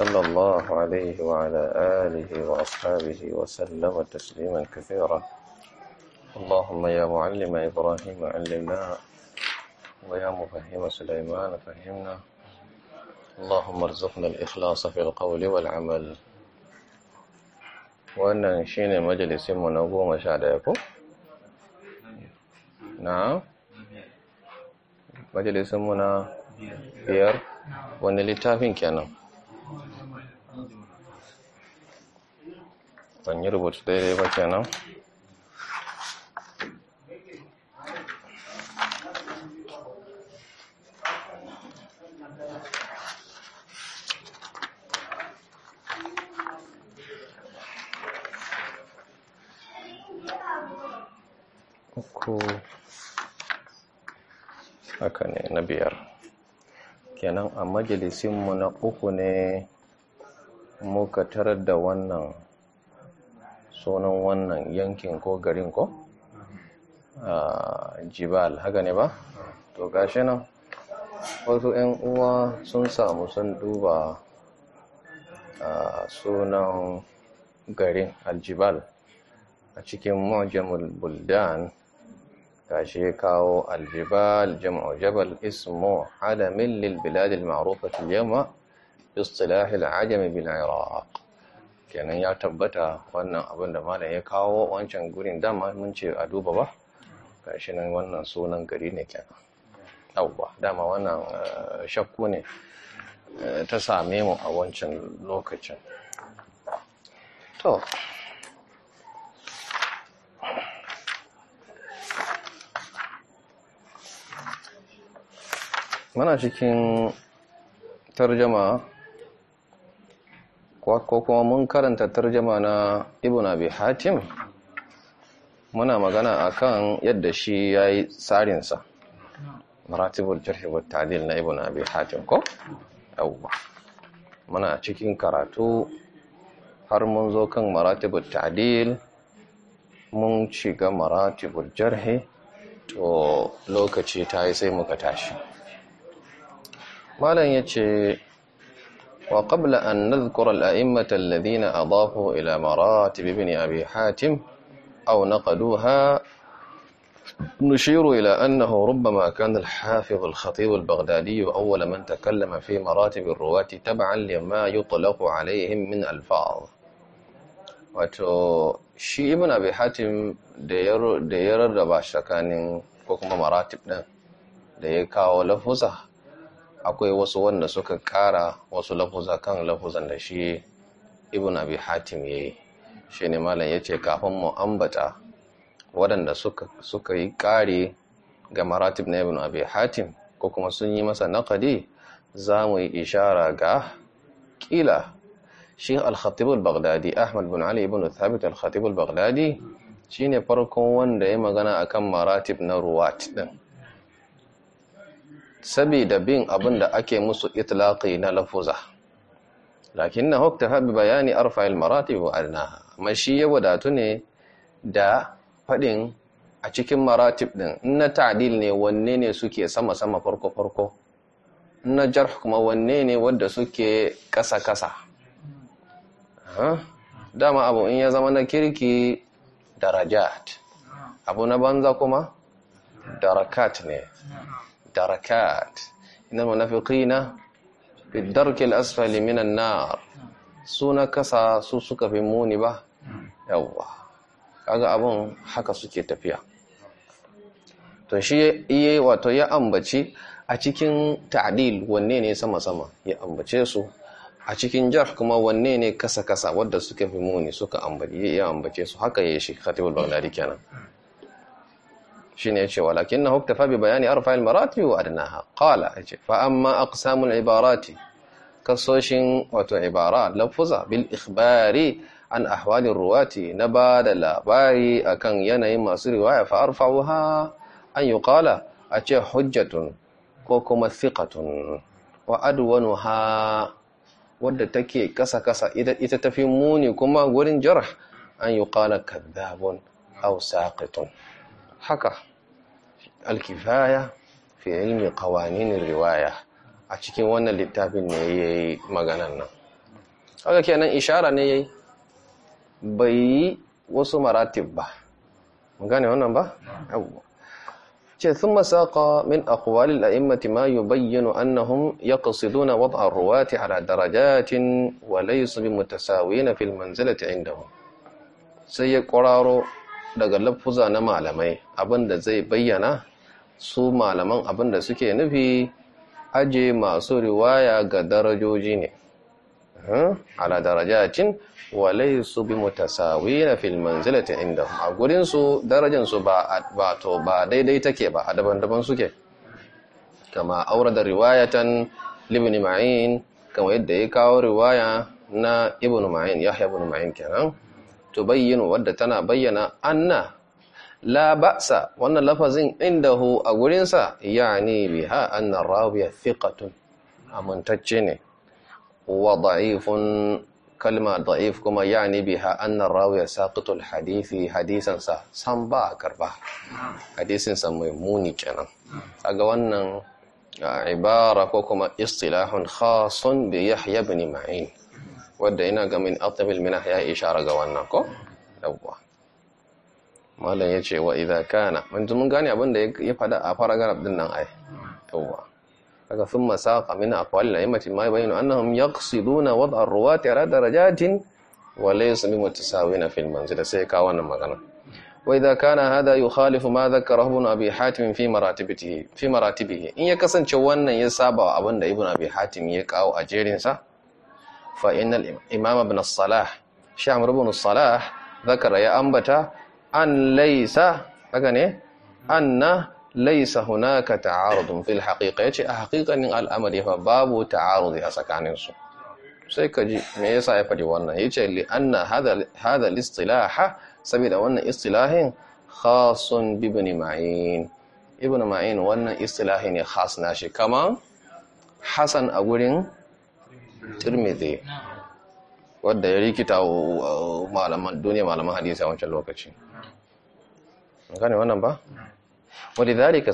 صلى الله عليه وعلى آله وأصحابه وسلم تسليما كثيرا اللهم يا معلم إبراهيم علمنا ويا مفهم سليمان فهمنا اللهم ارزقنا الإخلاص في القول والعمل وأن نشين مجلس na goma نعم مجلس منا بير ونلتافين كنا نعم планировать, что я его тяну. Oku. Akan ya, Nabiar. kenan a majalisinmu na uku ne muka tarar da wannan sunan wannan yankin ko garin ko a jibal haka ne ba to gashi nan wasu 'yan uwa sun samu sun duba a sunan garin aljibal a cikin majamul buldan gashi kawo aljibal jam'u jabal ismu alamin lil bilad ma'rufa yamma istilahil al ajami bil iraq kenan ya tabbata wannan abin da malam ya kawo wancan gurin dama mun ce a duba ba gashi nan wannan sunan gari ne kenan yawwa dama wannan eh, shakku ne eh, ta same mu a wancan lokacin to muna cikin tarjama ko kuma mun karanta tarjama na ibn abi hatim muna magana a kan yadda shi ya yi tsarinsa maratibul jarh wa na ibn abi hatim ko yawwa muna cikin karatu har mun zo kan maratibul talil mun shiga maratibul jarh to lokaci ta yi sai muka tashi قال يجي وقبل أن نذكر الأئمة الذين أضافوا إلى مراتب ابن أبي حاتم أو نقدوها نشير إلى أنه ربما كان الحافظ الخطيب البغدادي أول من تكلم في مراتب الرواة تبعا لما يطلق عليهم من الفاظ wato shi ibn abi hatim da ya rarraba shakanin ko kuma maratib din da ya kawo lafusa akwai wasu wanda suka kara wasu lafuza kan lafuzan da shi ibn abi hatim ya yi shi ne malam yace kafin mu ambata waɗanda suka yi kare ga maratib na ibn abi hatim ko kuma sun yi masa naƙadi za mu yi ishara ga ƙila shi al al baghdadi ahmad bin ali ibn thabit al al baghdadi shine farkon wanda ya magana akan maratib na ruwat din Sabida bin abin da ake musu itlaqi na lafuza lakin na hukta habi bayani arfa'il maratibu alnaha amma shi ya wadatu ne da faɗin a cikin maratib ɗin na ta'dil ne wanne ne suke sama sama farko farko na jarh kuma wanne ne wadda suke ƙasa-ƙasa? dama abu in ya zama na kirki darajat abu na banza kuma darakat ne darakat inna munafiqina fi al asfali minan nar suna kasa su suka fi muni ba yawwa kaga abun haka suke tafiya to shi iye wato ya ambaci a cikin ta'dil wanne ne sama sama ya ambace su a cikin jar kuma wanne ne kasa kasa wadda suka fi muni suka ambaci ya ambace su haka yayi shi khatibul baghdadi kenan shine yace walakinnahu iktafa bi bayani arfa'il maratibi wa adnaha qala yace fa amma aqsamul ibarati kasoshin wato ibara lafuza bil ikhbari an ahwalin ruwati na ba da labari akan yanayin masu riwaya fa arfa'uha an yuqala a ce hujjatun ko kuma thiqatun wa adwanuha wadda take kasa-kasa ita tafi muni kuma gurin jarh an yuqala kadhabun aw saqitun haka alkifaya fi ilmi qawanin riwaya a cikin wannan littafin ne yayi maganan nan haka kenan ishara ne yi? bai yi wasu maratib ba gane wannan ba ce thumma saqa min aqwali al-a'immati ma yubayyinu annahum yaqsiduna wad'a ar-ruwati ala darajatin wa na bimutasawina fil manzilati 'indahum sai ya kwararo daga lafuza na malamai abinda zai bayyana su malaman abin da suke nufi aje masu riwaya ga darajoji ne hmm, ala darajacin walai su bi mutasawi na filman zilata inda a gurinsu darajansu ba to ba daidai take ba a daban-daban suke kama aure da riwayatan libni ma'in kama yadda ya kawo riwaya na ibn ma'in yahya ibn ma'in kenan to bayyana wadda tana bayyana anna la ba'sa wannan lafazin indahu a gurinsa yani biha anna rawiya thiqatun amintacce ne wa da'ifun kalma da'if kuma yani biha anna rawiya saqitul hadisi hadisansa san ba karba Hadisinsa mai muni kenan kaga wannan ibara ko kuma istilahun khasun bi yahya ibn ma'in Wadda ina ga min atabil minah ya ishara ga wannan ko yawwa malam ya ce wa idha kana mun mun gane abin da ya fada a paragraph din nan ai yawa kaga thumma saqa min aqwali al-a'immati ma yubayinu annahum yaqsiduna wad'a ar-ruwati ala darajatin wa laysa bi mutasawina fil manzila sai ka wannan magana wa idha kana hadha yukhalifu ma dhakarahu ibn abi hatim fi maratibatihi fi maratibihi in ya kasance wannan ya saba abin da ibn abi hatim ya kawo a jerin sa fa innal imam ibn as-salah sha'mar ibn as-salah ذكر يا an laisa haka ne anna laisa hunaka ta'arudun fil haqiqa yace a haqiqanin al'amari fa babu ta'arudi a tsakanin su sai ka ji me yasa ya faɗi wannan yace li anna hadha hada al-istilah saboda wannan istilahin khasun bi ibn ma'in ibn ma'in wannan istilahin ne khas shi kaman hasan a gurin tirmidhi wadda ya rikita uh, malaman duniya malaman hadisi a wancan lokaci gane wannan ba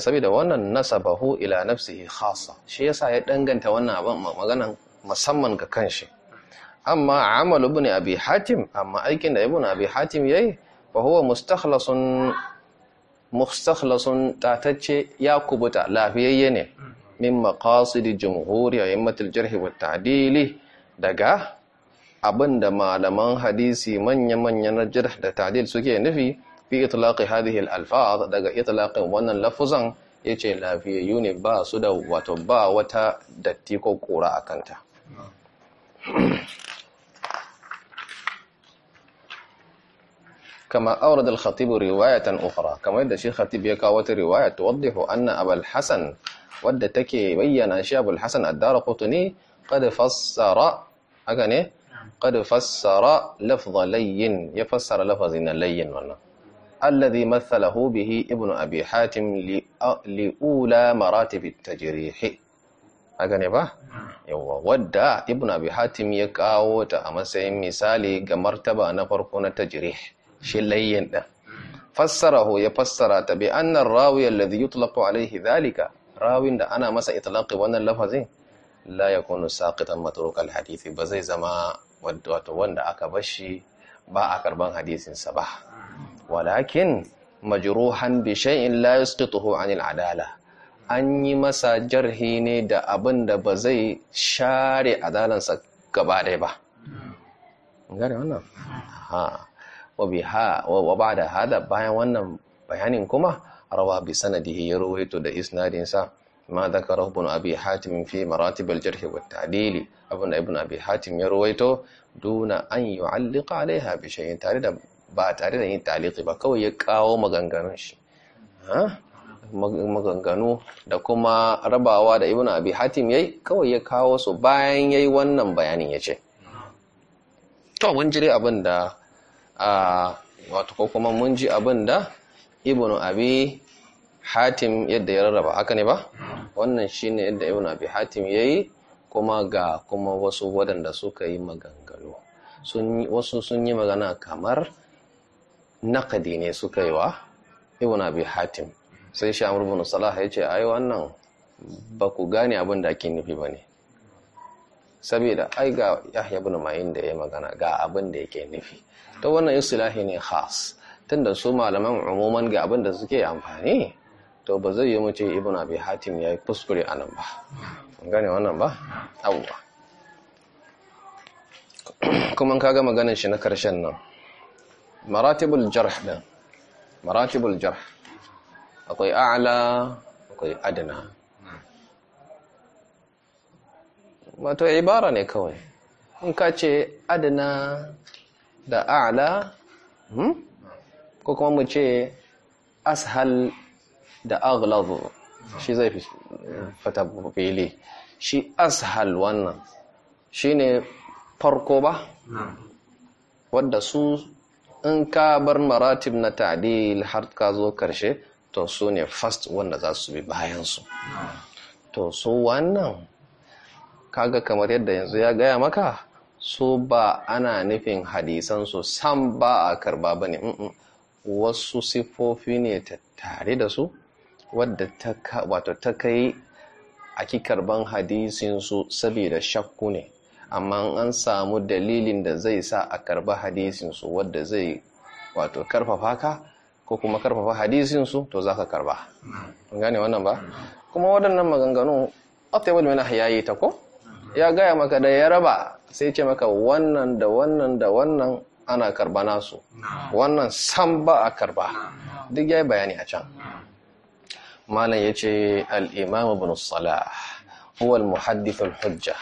sabi da wannan nasa nasabahu ila nafsihi khasa shi yasa ya danganta wannan abin maganan musamman ga kanshi amma amal ibn abi hatim amma aikin da ibn abi hatim yayi fa huwa mustakhlasun mustakhlasun tace ya kubuta lafiyayye ne min maqasid jumhur ya'immat al-jarh wa tadili daga abinda malaman hadisi manya-manyan jarh da ta'dil suke nufi fi itlaqi hadhihi al-alfaz daga itlaqin wannan lafuzan yace lafiyayyu ne ba su da wato ba wata datti ko kura a kanta كما أورد الخطيب رواية أخرى كما يدى شيخ خطيب يكاوت رواية توضح أن أبا الحسن ود تكي بيّن شاب الحسن الدار قطني قد فسر أغني قد فسر لفظ لين يفسر لفظ لين allazi mathalahu bihi ibnu abi hatim li'ula maratib at-tajrih ne ba yawa wadda ibnu abi hatim ya kawo ta a matsayin misali ga martaba na farko na tajrih shi layyin fassara fassarahu ya fassara ta bi anna ar-rawi alladhi yutlaqu alayhi dhalika rawin da ana masa itlaqi wannan lafazin la yakunu saqitan matruk al-hadith ba zai zama wadda wanda aka bashi ba a karban hadisin sa ba walakin majruhan bi shay'in la yasqituhu 'anil adala an yi masa jarhi ne da abin da ba zai share adalansa gaba ɗaya ba gane wannan ha wa biha wa ba'da hada bayan wannan bayanin kuma rawa bi sanadihi ya rawaito da isnadinsa ma dhakara ibn abi hatim fi maratib al-jarh wa tadil ibn abi hatim ya rawaito duna an yu'alliqa alaiha bi shay'in tare da ba tare da yin taliki ba kawai ya kawo maganganun shi maganganu da kuma rabawa da ibn abi hatim yayi kawai ya kawo su bayan yayi wannan bayanin yace to mun jire abinda a wato ko kuma mun ji abinda ibn abi hatim yadda ya rarraba haka ne ba wannan shine yadda ibn abi hatim yayi kuma ga kuma wasu wadanda suka yi maganganu wasu sun yi magana kamar naƙadi ne suka yi wa ibn abi hatim sai shamur bin salaha ya ce ai wannan ba ku gane abin da ake nufi ba ne saboda ai ga yahya bin ma'in da ya magana ga abin da yake nufi ta wannan istilahi ne khas tunda su malaman umuman ga abin da suke amfani to ba zai yi mace ibn abi hatim ya yi kuskure a nan ba gane wannan ba abuwa kuma ka ga maganar shi na karshen nan maratibul jarh din maratibul jarh akwai a'la akwai adna wato ibara ne kawai in ka ce adna da a'la hmm? ko kuma mu ce ashal da aghlazu shi zai fi fata fili shi ashal wannan shine farko ba wadda su in ka bar maratib na ta'dil har ka zo karshe to su ne first wanda za su bi bayansu to su wannan kaga kamar yadda yanzu ya gaya maka su ba ana nufin hadisan su san ba a karba ba ne wasu sifofi ne tare da su wadda ta kai a ki hadisin hadisinsu saboda shakku ne amma an samu dalilin da zai sa a karba hadisinsu wadda zai wato karfafa ka ko kuma karfafa hadisinsu to za ka karba gane wannan ba kuma waɗannan maganganu optimal mana ya yi ta ko ya gaya maka da ya raba sai ce maka wannan da wannan da wannan ana karba nasu wannan san ba a karba duk ya yi bayani a can malam ya ce al'imamu bin salah هو المحدث الحجة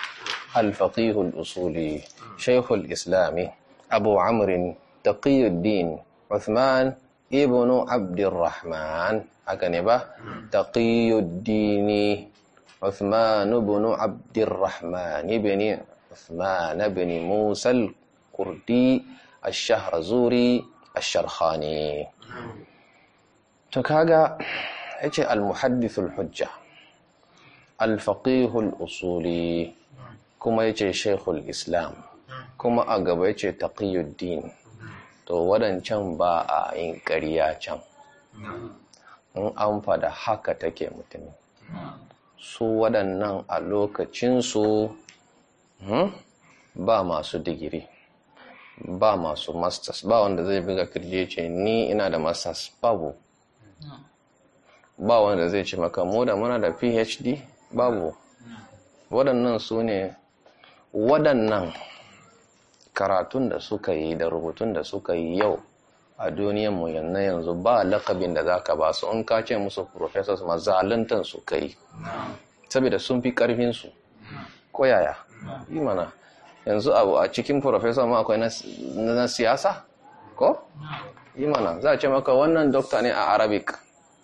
الفقيه الأصولي شيخ الإسلام أبو عمر تقي الدين عثمان ابن عبد الرحمن أكنبا تقي الدين عثمان بن عبد الرحمن بن عثمان بن موسى الكردي زوري الشرخاني تكاغا yace al-muhaddithul alfaƙihul usuli kuma ya ce shekul islam kuma a gaba ya ce taƙiyuddin to waɗancan ba a yin ƙarya can in an fada haka take mutum su waɗannan a lokacinsu hmm, ba masu digiri ba masu masters ba wanda zai buga kirje ce ni ina da masters babu ba wanda zai ce maka mu da muna da phd babu waɗannan su ne waɗannan karatun da suka yi da rubutun da suka yi yau a duniyan mu. yanzu ba lakabin da za ka ba su in ka ce musu professors mazalantar su ka yi saboda sun fi ƙarfinsu koyaya yi mana yanzu abu a cikin professor ma akwai na siyasa ko? yi mana za a ce maka wannan dokta ne a arabic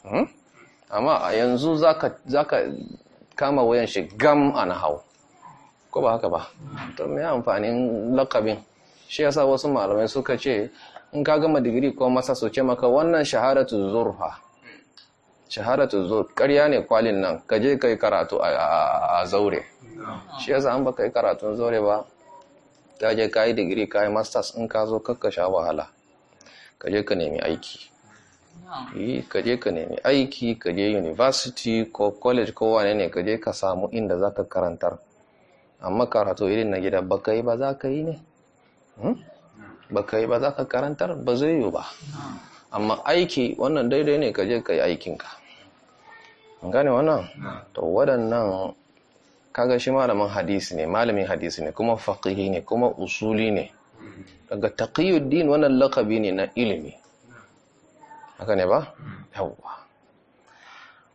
hmm? amma yanzu za ka kama wuyan shi gam an hau ko ba haka ba to me amfanin lakabin shi yasa wasu malamai suka ce in ka gama digiri ko masa su ce maka wannan shaharatu zurfa shaharatu zur ƙarya ne kwalin nan ka je kai karatu a zaure shi yasa an baka yi karatun zaure ba ta je ka digiri ka yi masters in ka zo kakka sha wahala ka je ka nemi aiki ka je ka nemi aiki ka je university ko college ko wane ne ka je ka samu inda za ka karantar amma karatu irin na gida ba ka yi ba za ka yi ne hmm? ba ka yi ba za ka karantar ba zai yi ba amma aiki wannan daidai ne ka je ka yi aikinka gane wannan to waɗannan kaga shi malamin hadisi ne malamin hadisi ne kuma faƙihi ne kuma usuli ne daga din wannan lakabi ne na ilimi haka ne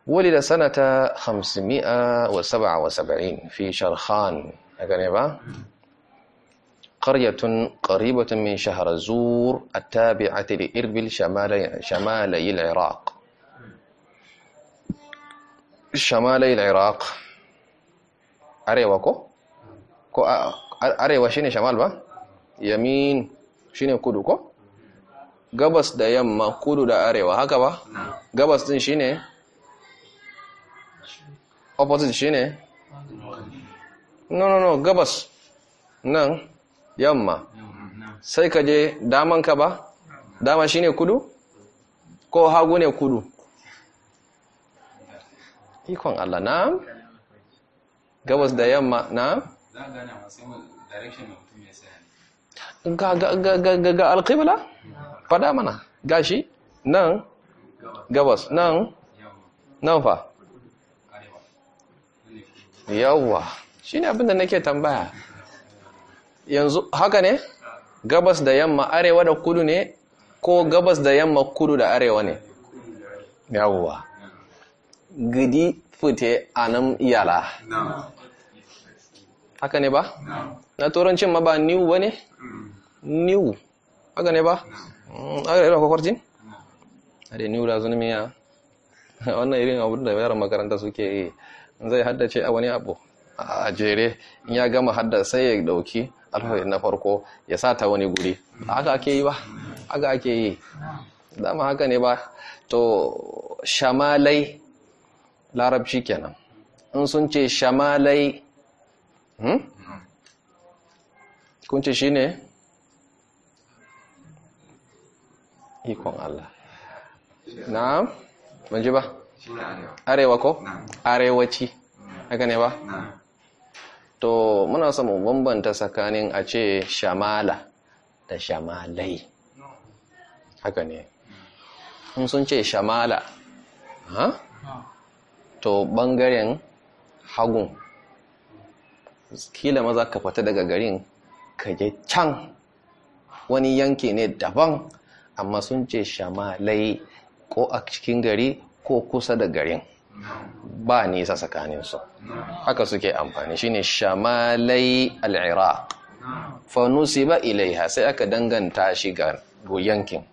ولد سنة 577 في شرخان قرية قريبة من شهر الزور التابعة لإربل شمالي العراق شمالي العراق أريوا كو كو أريوا شيني شمال با يمين شيني كودو كو gabas da yamma kudu da arewa haka ba gabas din shine opposite shine no no no gabas nan yamma sai ka je daman ka ba dama shine kudu ko hagu ne kudu ikon Allah na gabas da yamma na ga ga ga ga fada mana gashi nan gabas nan nan fa yawwa shine abinda nake tambaya yanzu haka ne gabas da yamma arewa da kudu ne ko gabas da yamma kudu da arewa ne yawwa gidi fite anan iyala haka ne ba na turancin ma ba new ba ne mm. new haka ne ba Mm, agarai da kwakwarci a da zunumi ya wannan irin abu da yaran makaranta suke yi zai haddace a wani abu a jere in ya gama hadda sai ya dauki alfahari na farko ya sa ta wani guri haka ake yi ba haka ake yi dama haka ne ba to shamalai larabci kenan in sun ce shamalai hmm? kun ce shi ne ikon Allah na'am ban ji ba arewa ko arewaci haka ne ba to muna samu mu bambanta tsakanin a ce shamala da shamalai haka ne in sun ce shamala ha to bangaren hagun kila maza ka fita daga garin ka je can wani yanki ne daban amma sun ce shamalai ko a cikin gari ko kusa da garin ba nisa tsakaninsu haka suke amfani shine shamalai al'iraq fanusi ba ilaiha sai aka danganta shi ga yankin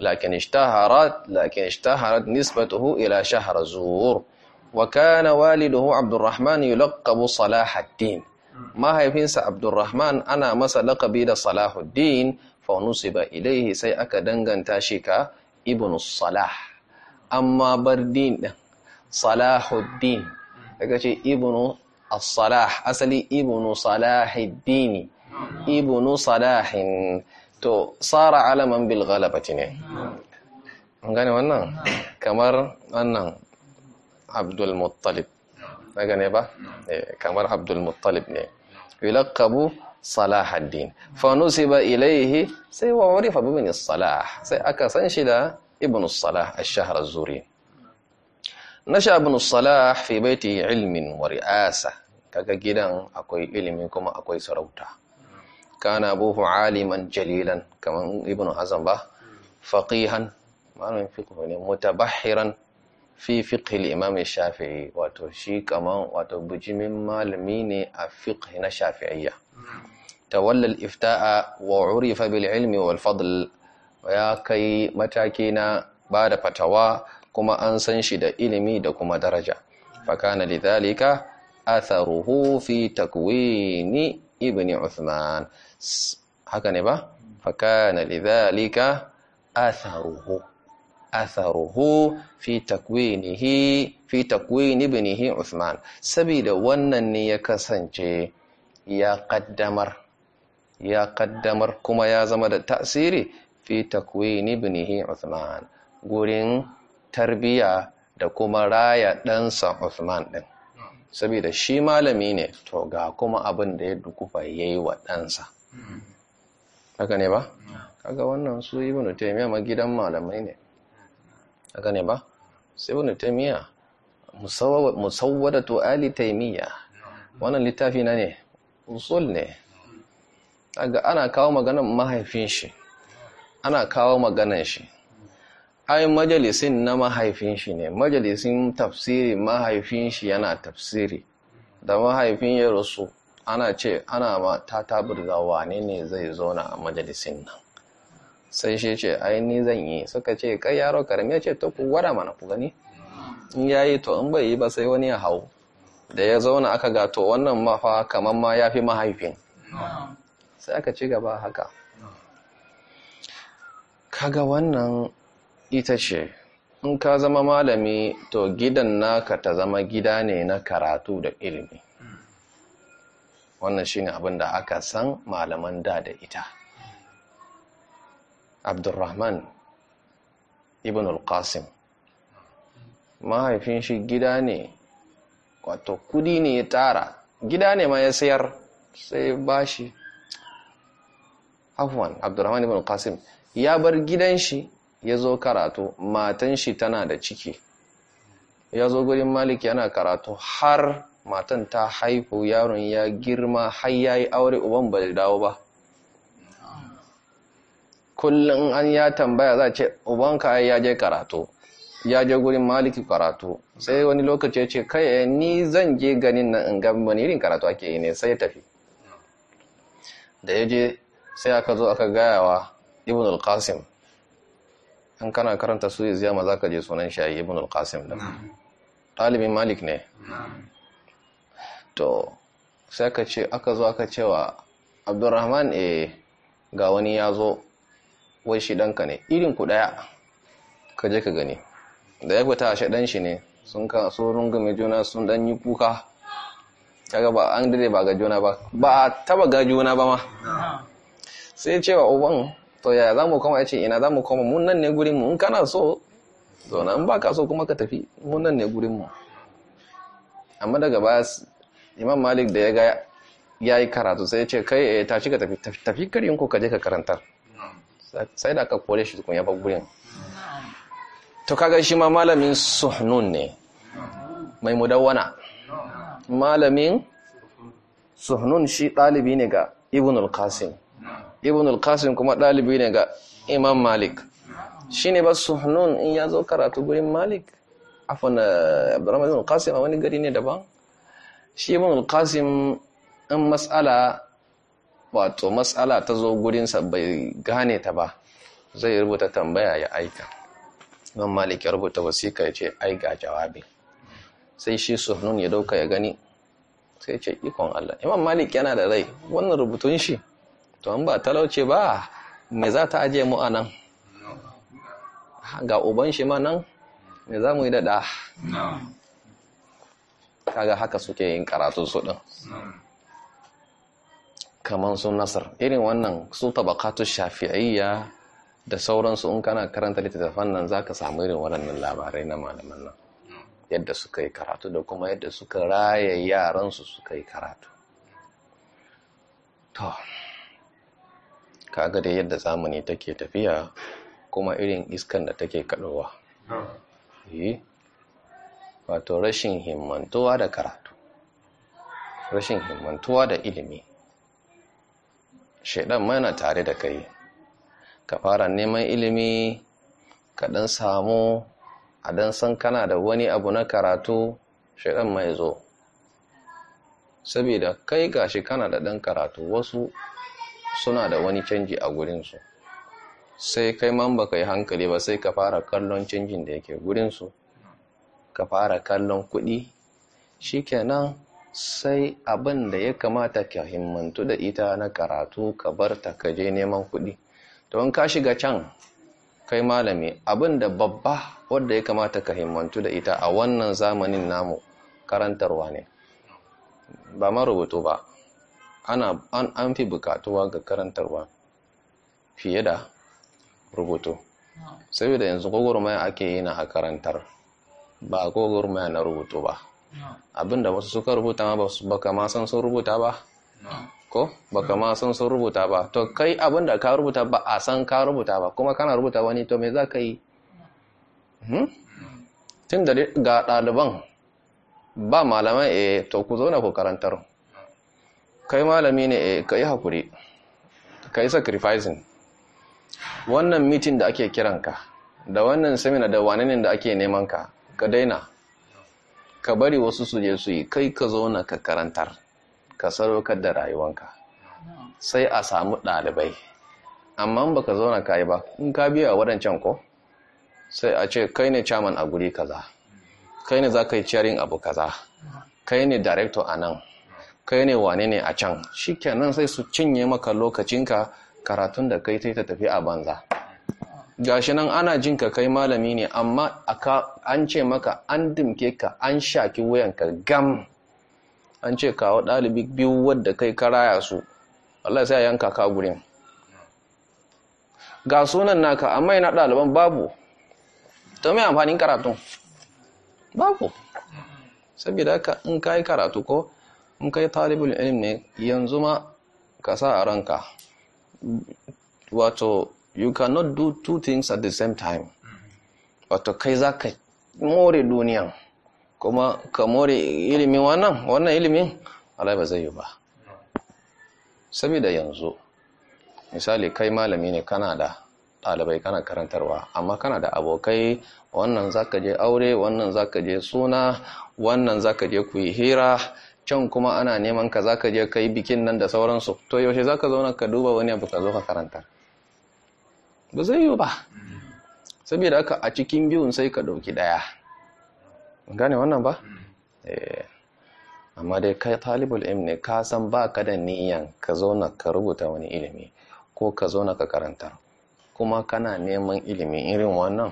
lakin ishtaharat lakin ishtaharat nisbatuhu ila shahr zuhur wa kana waliduhu abdurrahman yulaqabu salahuddin mahaifinsa abdurrahman ana masa laqabi da salahuddin fanusiba ilaihi sai aka danganta shi ka Ibnu salah amma bardin din salahuddin daga ce ibn salah asali ibnu salahuddin Ibnu salahin to sara alaman bil ne gane wannan kamar wannan abdul muttalib na gane ba eh, kamar ne yulaqabu salahaddin fa ilaihi sai wa urifa bi salah sai aka san shi da ibn salah ash-shahr az-zuri nasha ibn salah fi baiti ilmin wa ri'asa kaga gidan akwai ilimi kuma akwai sarauta kana abuhu aliman jalilan kaman ibn hazan ba faqihan malamin fiqh ne mutabahhiran fi fiqh al-imam shafi'i wato shi kaman wato bujimin malami ne a fiqh na shafi'iyya tawallal iftaa wa urifa bil ilmi wal fadl ya kai mataki na da fatawa kuma an san shi da ilimi da kuma daraja fakana lidhalika atharuhu fi takwini ibn Uthman haka ne ba fakana atharuhu fi takwinihi fi Uthman saboda wannan ne ya kasance ya kaddamar ya kaddamar kuma ya zama da tasiri fi takwini ibnihi Uthman gurin tarbiya da kuma raya ɗansa Uthman ɗin saboda shi malami ne to ga kuma abin da ya dukufa yayi wa ɗansa haka ne ba kaga wannan su ibnu taymiya ma gidan malamai ne haka ne ba sai ibnu taymiya musawwadatu ali taymiya wannan littafi na ne usul ne daga ana kawo maganan mahaifin shi ana kawo maganan shi ai majalisin na mahaifin shi ne majalisin tafsiri mahaifin shi yana tafsiri da mahaifin ya rasu ana ce ana ma ta tabirga wane ne zai zauna a majalisin nan sai shi ce ni zan yi suka ce kai yaro karami ya ce ta ku gwada mana ku gani in ya yi to in bai yi ba sai wani ya hau da ya zauna aka gato wannan mafa kamar ma ya fi mahaifin sai aka ci gaba haka hmm. kaga wannan ita ce in ka zama malami to gidan naka ta zama gida ne na karatu da ilimi hmm. wannan shine abin da aka san malaman da da ita hmm. abdurrahman ibn al-qasim mahaifin shi gida ne wato kudi ne ya tara gida ne ma ya sayar sai bashi afwan abdurrahman ibn qasim ya bar gidan shi ya zo karatu matan shi tana da ciki ya zo gurin malik yana karatu har matan ta haifu yaron ya girma har yayi aure uban bai dawo ba kullum an ya tambaya za ce ka ya je karatu ya je gurin maliki karatu sai wani lokaci ya ce kai eh, ni zan je ganin nan in ga irin karatu ake yi ne sai ya tafi da ya je sai aka zo aka gayawa ibn al-qasim an kana karanta su ziyama za ka je sunan shayi ibn al-qasim da ɗalibin malik ne to sai aka zo aka cewa abdurrahman e ga wani ya zo wai shi ɗanka ne irin ku ɗaya ka je ka gani da ya fita shi ɗan shi ne sun ka so juna sun ɗan yi kuka kaga ba an dade ba ga juna ba ba taba ga juna ba ma sai cewa uban to yaya za mu koma ya ce ina za mu koma mun nan ne gurinmu in kana so zaune in ba ka so kuma ka tafi mun nan ne gurinmu amma daga baya imam malik da ya ga ya yi karatu sai ya ce kai eh, ta ci ka tafi tafi karin ko ka je ka karanta? sai da aka kore shi kun ya bar gurin to kaga shi ma malamin suhnun ne mai mudawwana malamin suhnun shi ɗalibi ne ga ibn al-qasim ibn al-qasim kuma dalibi ne ga imam malik shine ba suhnun in ya zo karatu gurin malik afon eh, abdurrahman ibn al-qasim a wani gari ne daban shi ibn al-qasim in matsala wato matsala ta zo gurinsa bai gane ta ba zai rubuta tambaya ya aika imam malik ya rubuta wasiƙa ya ce ai ga jawabi sai shi suhnun ya dauka ya gani sai ce ikon Allah imam malik yana da rai wannan rubutun shi to ba talauce ba me za ta ajiye mu a nan ga uban shi ma nan me za mu yi daɗa kaga haka suke yin karatu su ɗin kamar sun nasar irin wannan su tabakatu shafi'ayya da sauransu in kana karanta littattafan nan za ka samu irin waɗannan labarai na malaman nan yadda suka yi karatu da kuma yadda suka raya yaransu suka yi karatu kaga da yadda zamani take tafiya kuma irin iskan da take kadowa ah. eh. wato rashin himmantuwa da karatu rashin himmantuwa da ilimi shaidan mana tare da kai ka fara neman ilimi ka dan samu a dan san kana da wani abu na karatu shaidan mai zo saboda kai gashi kana da ɗan karatu wasu suna da wani canji a gurinsu sai kai man ka yi hankali ba sai ka fara kallon canjin da yake gurinsu ka fara kallon kuɗi kenan sai abin da ya kamata ka himmantu da ita na karatu ka bar ta ka je neman kuɗi to in ka shiga can kai malami abin da babba wanda ya kamata ka himmantu da ita a wannan zamanin namu karantarwa ne ba marubutu ba an fi bukatuwa ga karantarwa fiye da rubutu saboda yanzu gwagwarmaya ake yi na a karantar ba gwagwarmaya na rubutu ba abinda wasu suka rubuta ma baka ma san sun rubuta ba ko baka ma san sun rubuta ba to kai abinda ka rubuta ba a san ka rubuta ba kuma kana rubuta wani to me za ka yi hmm? tun da ga ɗaliban ba malamai e to ku zauna ku karantar kai malami ne eh, ka yi hakuri ka yi sacrificing wannan mitin da ake ka da wannan seminar da wananin da ake neman ka ka daina ka bari wasu su je su yi kai ka zauna ka karantar ka ka da rayuwanka sai a samu ɗalibai amma ba ka zauna ka yi ba in ka biya wadancan ko sai a ce kai ne chairman a guri kaza kai ne za ka yi chairing abu kaza kai ne director a nan kai ne wane ne a can shi kenan sai su cinye maka lokacinka karatun da kai ta tafi a banza gashi nan ana jin ka kai malami ne amma an ce maka an dimke ka an shaki wuyanka gam an ce kawo ɗalibi biyu wadda kai karaya su Allah sai yanka ka gurin ga sunan naka amma yana ɗaliban babu ta mai amfanin karatun babu saboda haka in ka karatu ko in kai talibul ilm ne yanzu ma ka sa a ranka wato you cannot do two things at the same time wato kai za ka more duniyan kuma ka more ilimin wannan wannan ilimin alai ba zai yi ba saboda yanzu misali kai malami ne kana da ɗalibai kana karantarwa amma kana da abokai wannan zaka je aure wannan zaka je suna wannan zaka je ku yi hira can kuma ana neman ka zaka je kai bikin nan da sauransu to yaushe zaka zauna ka duba wani abu ka zo ka karanta ba zai yi ba saboda haka a cikin biyun sai ka ɗauki ɗaya gane wannan ba eh. amma dai kai talibul ne ka san ba ka da niyan ka zauna ka rubuta wani ilimi ko ka zauna ka karanta kuma kana neman ilimi irin wannan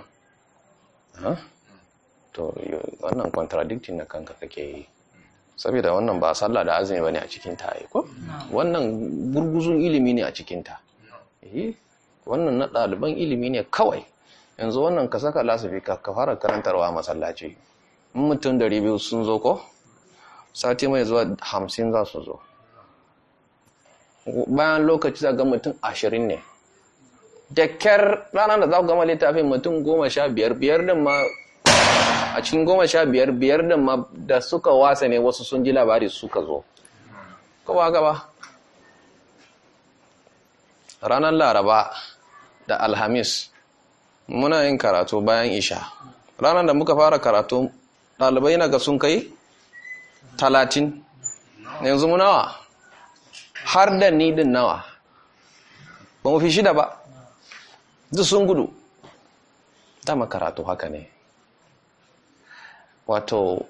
to wannan contradicting na kanka kake yi saboda wannan ba sallah da azumi bane a cikin ta eh ko wannan gurguzun ilimi ne a cikin ta eh, wannan na ɗaliban ilimi ne kawai yanzu wannan ka saka lasafi ka fara karantarwa masallaci in mutum da biyu sun zo ko sati mai zuwa hamsin za su zo bayan lokaci za ga mutum ashirin ne da kyar ranar da za ku gama littafin mutum goma sha biyar biyar din ma a cikin goma sha biyar biyar da da suka wasa ne wasu sun ji labari suka zo kowa gaba ranar laraba da alhamis muna yin karatu bayan isha ranar da muka fara karatu ɗalibai na ga sun kai talatin yanzu mu nawa har da ni din nawa ba mu fi shida ba duk sun gudu dama karatu haka ne wato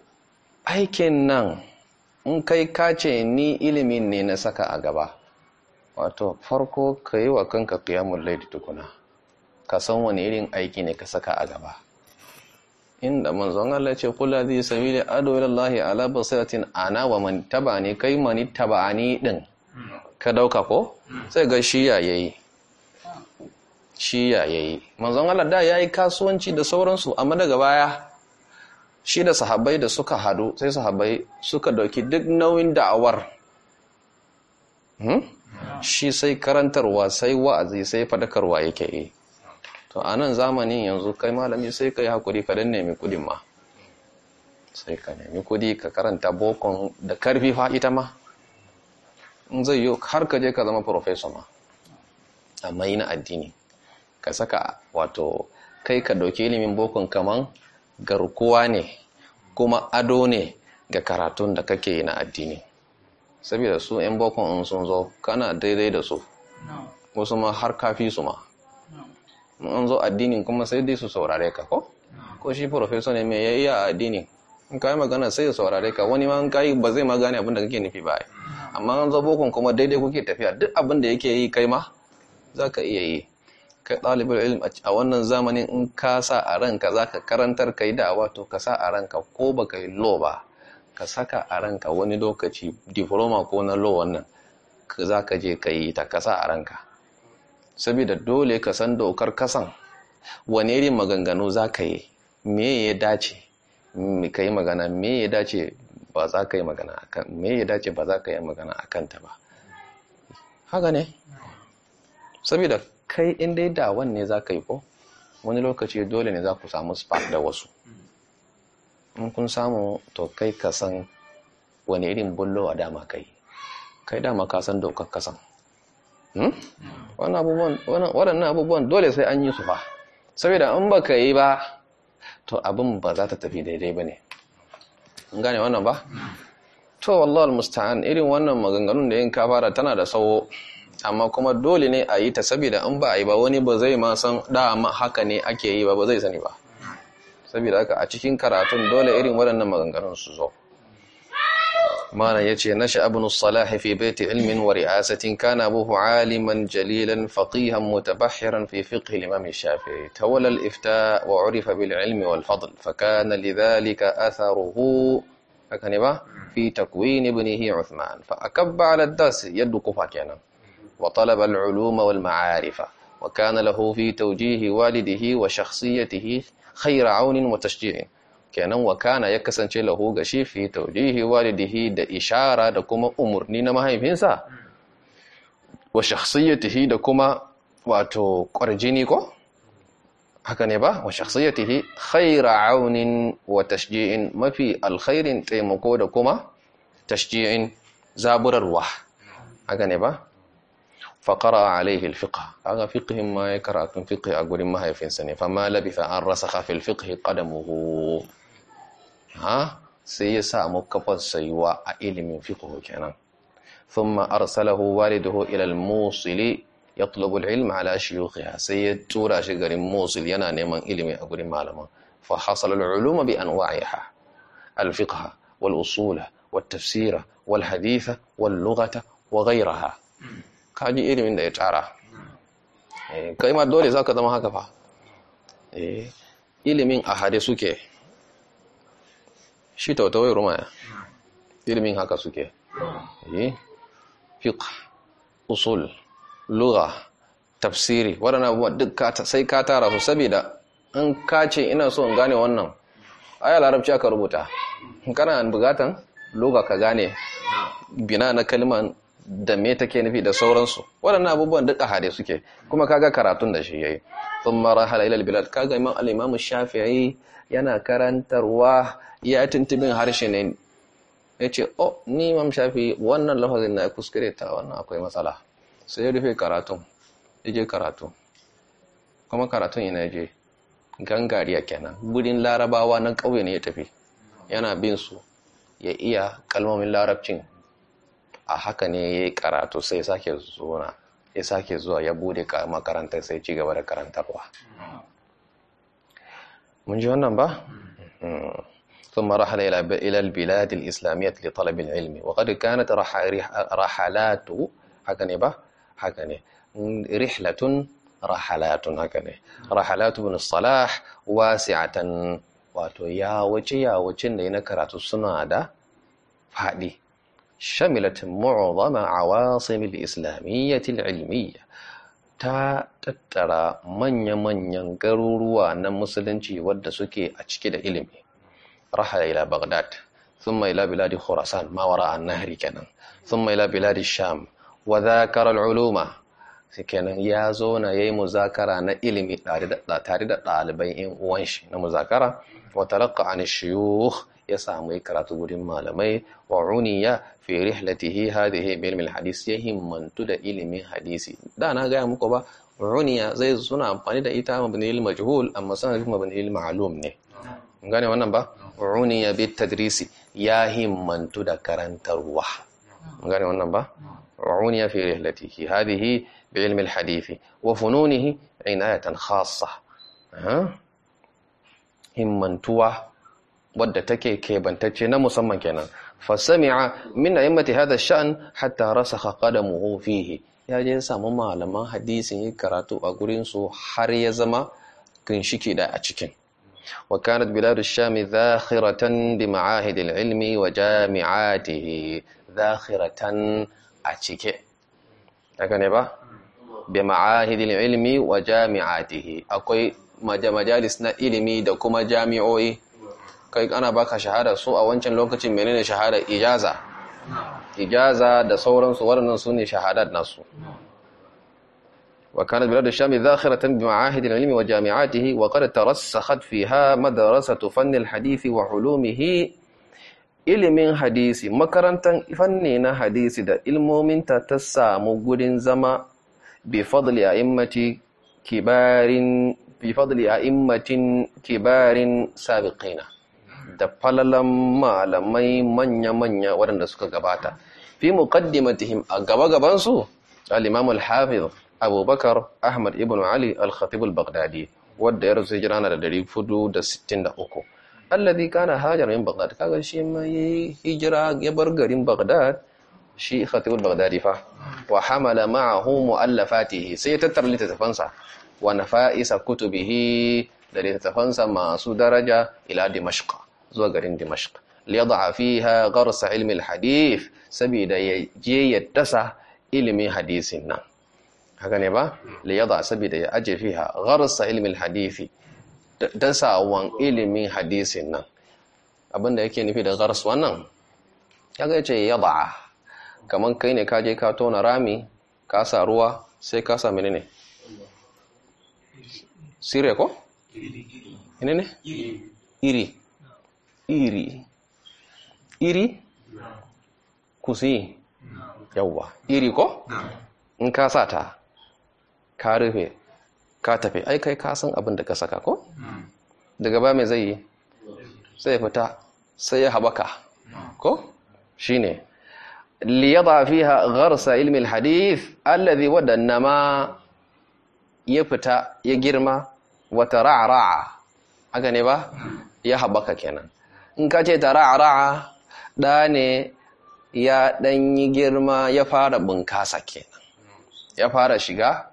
aikin nan in kai kace ni ilimin ne na saka a gaba wato farko ka yi wa kanka kiyamun laidi tukuna ka san wani irin aiki ne ka saka a gaba inda manzon Allah ce kula zai da ado ilallahi ala basiratin ana wa man tabani kai man tabani din ka dauka ko sai ga shi ya yayi shi ya yayi manzon Allah da yayi kasuwanci da sauransu amma daga baya shi da sahabbai da suka hadu sai sahabbai suka dauki duk nauyin da'awar hmm? shi sai karantarwa sai wa'azi sai fadakarwa yake yi to a nan zamanin yanzu kai malami sai ka yi hakuri ka dan nemi kudin ma sai ka nemi kudi ka karanta bokon da karfi fa ita ma in zai yi har ka je ka zama profesor ma amma yi na addini ka saka wato kai ka dauki ilimin bokon kaman garkuwa ne kuma ado ne ga karatun da kake yi na addini saboda su 'yan bakon in sun zo kana daidai da su wasu ma har kafi su ma in zo addinin kuma sai dai su saurare ka ko ko shi professor ne mai yayi a addini in kai magana sai ya saurare ka wani ma in kai ba zai ma gane abin da kake nufi ba amma an zo bokon kuma daidai kuke tafiya duk abinda yake yi kai ma za ka iya yi ka ɗalibin ilm a wannan zamanin in ka sa a ranka za ka karantar ka yi da'awa to ka sa a ranka ko ba ka yi lo ba ka saka a ranka wani lokaci diploma ko na lo wannan za ka je ka yi ta ka sa a ranka saboda dole ka san dokar kasan wane irin maganganu za ka yi me ya dace ka yi magana me ya dace ba za ka yi magana me ya dace ba za ka yi magana a kanta ba haka ne saboda kai in dai dawon ne za ka yi ko wani lokaci dole ne za ku samu spark da wasu in kun samu to kai ka san wani irin bullo a dama kai kai dama ka san dokar kasan hmm? waɗannan abubuwan dole sai an yi su fa saboda in ba ka yi ba to abin ba za ta tafi daidai ba ne gane wannan ba to wallah mustaan irin wannan maganganun da yin fara tana da sauwo. amma kuma dole ne a yi ta saboda in ba a yi ba wani ba zai ma san dama haka ne ake yi ba ba zai sani ba saboda haka a cikin karatun dole irin waɗannan maganganun su zo mana ya ce na sha'abin salahi fi baiti ilmin wa ri'asatin kana buhu aliman jalilan faqihan mutabahiran fi fiqh limam shafi'i tawala al-ifta wa urifa bil ilmi wal fadl fa kana lidhalika atharuhu haka ne ba fi takwin ibnihi uthman fa akabba ala ad-dars yaddu kufa kenan وطلب العلوم والمعارف وكان له في توجيه والده وشخصيته خير عون وتشجيع kenan wakana ya kasance lahu ga shi fi taujihi walidihi da ishara da kuma umurni na mahaifinsa wa shakhsiyatihi da kuma wato kwarjini ko haka ne ba wa shakhsiyatihi khayra aunin wa tashji'in mafi alkhairin taimako da kuma tashji'in zaburarwa haka ne ba فقرأ عليه الفقه أغا فقه ما يقرأ فقه أقول ما هي في سنة فما لبث أن رسخ في الفقه قدمه ها سيسا مكفا سيوا علم فقه كان ثم أرسله والده إلى الموصل يطلب العلم على شيوخها سيد تورا شجر موصل ينا نيمان من أقول ما لما فحصل العلوم بأنواعها الفقه والأصول والتفسير والحديث واللغة وغيرها kaji ilimin da ya tara yi eh, ma dole za ka zama haka fa eh, ilimin a hade suke shi tautawai rumaya ilimin haka suke eh, fiqh usul lugha tafsiri waɗannan abubuwa duk sai ka tara su saboda in ka ce ina so in gane wannan aya larabci aka rubuta kana bugatan lugha ka gane bina na kalman da me take nufi da sauransu waɗannan abubuwan duk hade suke kuma kaga karatun da shi yayi thumma rahala ila albilad kaga imam al-imam shafi'i yana karantarwa ya tuntubin harshe ne yace oh ni imam shafi'i wannan lafazin na kuskure ta wannan akwai matsala sai ya rufe karatun yaje karatu kuma karatun ina je gangariya kenan gurin larabawa nan kauye ne ya tafi yana bin su ya iya kalmomin larabcin a haka ne ya yi karatu sai sake zuwa ya sake zuwa ya bude makarantar sai ci gaba da karantarwa mun ji wannan ba ثم رحل إلى إلى البلاد الإسلامية لطلب العلم وقد كانت رحلات حكني به حكني رحلة رحلات حكني رحلات ابن الصلاح واسعة وتيا وتيا وتشين لينكرات السنة هذا فادي Shamilat معظم عواصم الإسلامية العلمية ta tattara manya-manyan garuruwa na musulunci wadda suke a cike da ilimi rahala ila baghdad thumma ila khurasan ma wara an-nahri kenan thumma ila biladi sham wa dhakara al-uluma kenan ya zo na yayi muzakara na ilimi tare da ɗaliban yan uwan shi na muzakara wa talaqa an shuyukh ya samu ya karatu gurin malamai wa uniya fi rihlatihi hadhihi bi ilmi hadis ya himmantu da ilimin hadisi da na gaya muku ba uniya zai suna amfani da ita mabni al majhul amma sana mabni al ma'lum ne gane wannan ba uniya bi tadrisi ya himmantu da karantarwa gane wannan ba uniya fi rihlatihi hadhihi bi ilmi al hadisi wa fununihi inayatan khassa himmantuwa wadda take kebantacce na musamman kenan fasami'a min a'immati hadha sha'n hatta rasakha qadamuhu fihi ya je samu malaman hadisin yi karatu a gurin su har ya zama ginshiki da a cikin wa kanat bilad ash-sham zakhiratan bi ma'ahid al-ilmi wa jami'atihi zakhiratan a cike haka ne ba bi ma'ahid al wa jami'atihi akwai majalis na ilimi da kuma jami'oi kai ana baka shahada su a wancan lokacin menene shahada ijaza ijaza da sauransu waɗannan su ne shahadat nasu وكانت بلاد الشام ذاخرة بمعاهد العلم وجامعاته وقد ترسخت فيها مدرسة فن الحديث وعلومه ilimin hadisi makarantar fanni na hadisi da ilmominta ta samu gudun zama bi fadli a kibarin bi kibarin da falalan malamai manya-manya waɗanda suka gabata fi muqaddimatihim a gaba-gabansu al-imam al-hafiz abubakar ahmad ibn ali al-khatib baghdadi wanda ya rasu hijira na da 463 alladhi kana hajar min baghdad kaga shi ma hijira ya bar garin baghdad shi khatib al-baghdadi fa wa hamala ma'ahu mu'allafatihi sai ya tattara littattafansa wa nafa'isa kutubihi da littattafansa masu daraja ila dimashq zuwa garin Dimashq liyadha fiha gharsa ilmi alhadith saboda ya je ya dasa ilmin hadisin nan haka ne ba liyadha saboda ya aje fiha gharsa ilmi alhadith wan ilmin hadisin nan abinda yake nufi da gars wannan kaga yace yadha kaman kai ne ka je ka tona rami ka sa ruwa sai ka sa menene sire ko menene iri iri iri kusi yawwa iri ko in ka sa ta ka rufe ka tafi ai kai ka san abin da ka saka ko daga ba mai zai yi sai fita sai ya habaka ko shine liyada fiha gharsa ilmi alhadith alladhi wadanna ma ya fita ya girma wata tara'ra'a haka ne ba ya habaka kenan in ka ce ra'a, ɗa ne ya ɗan yi girma ya fara bunkasa kenan ya fara shiga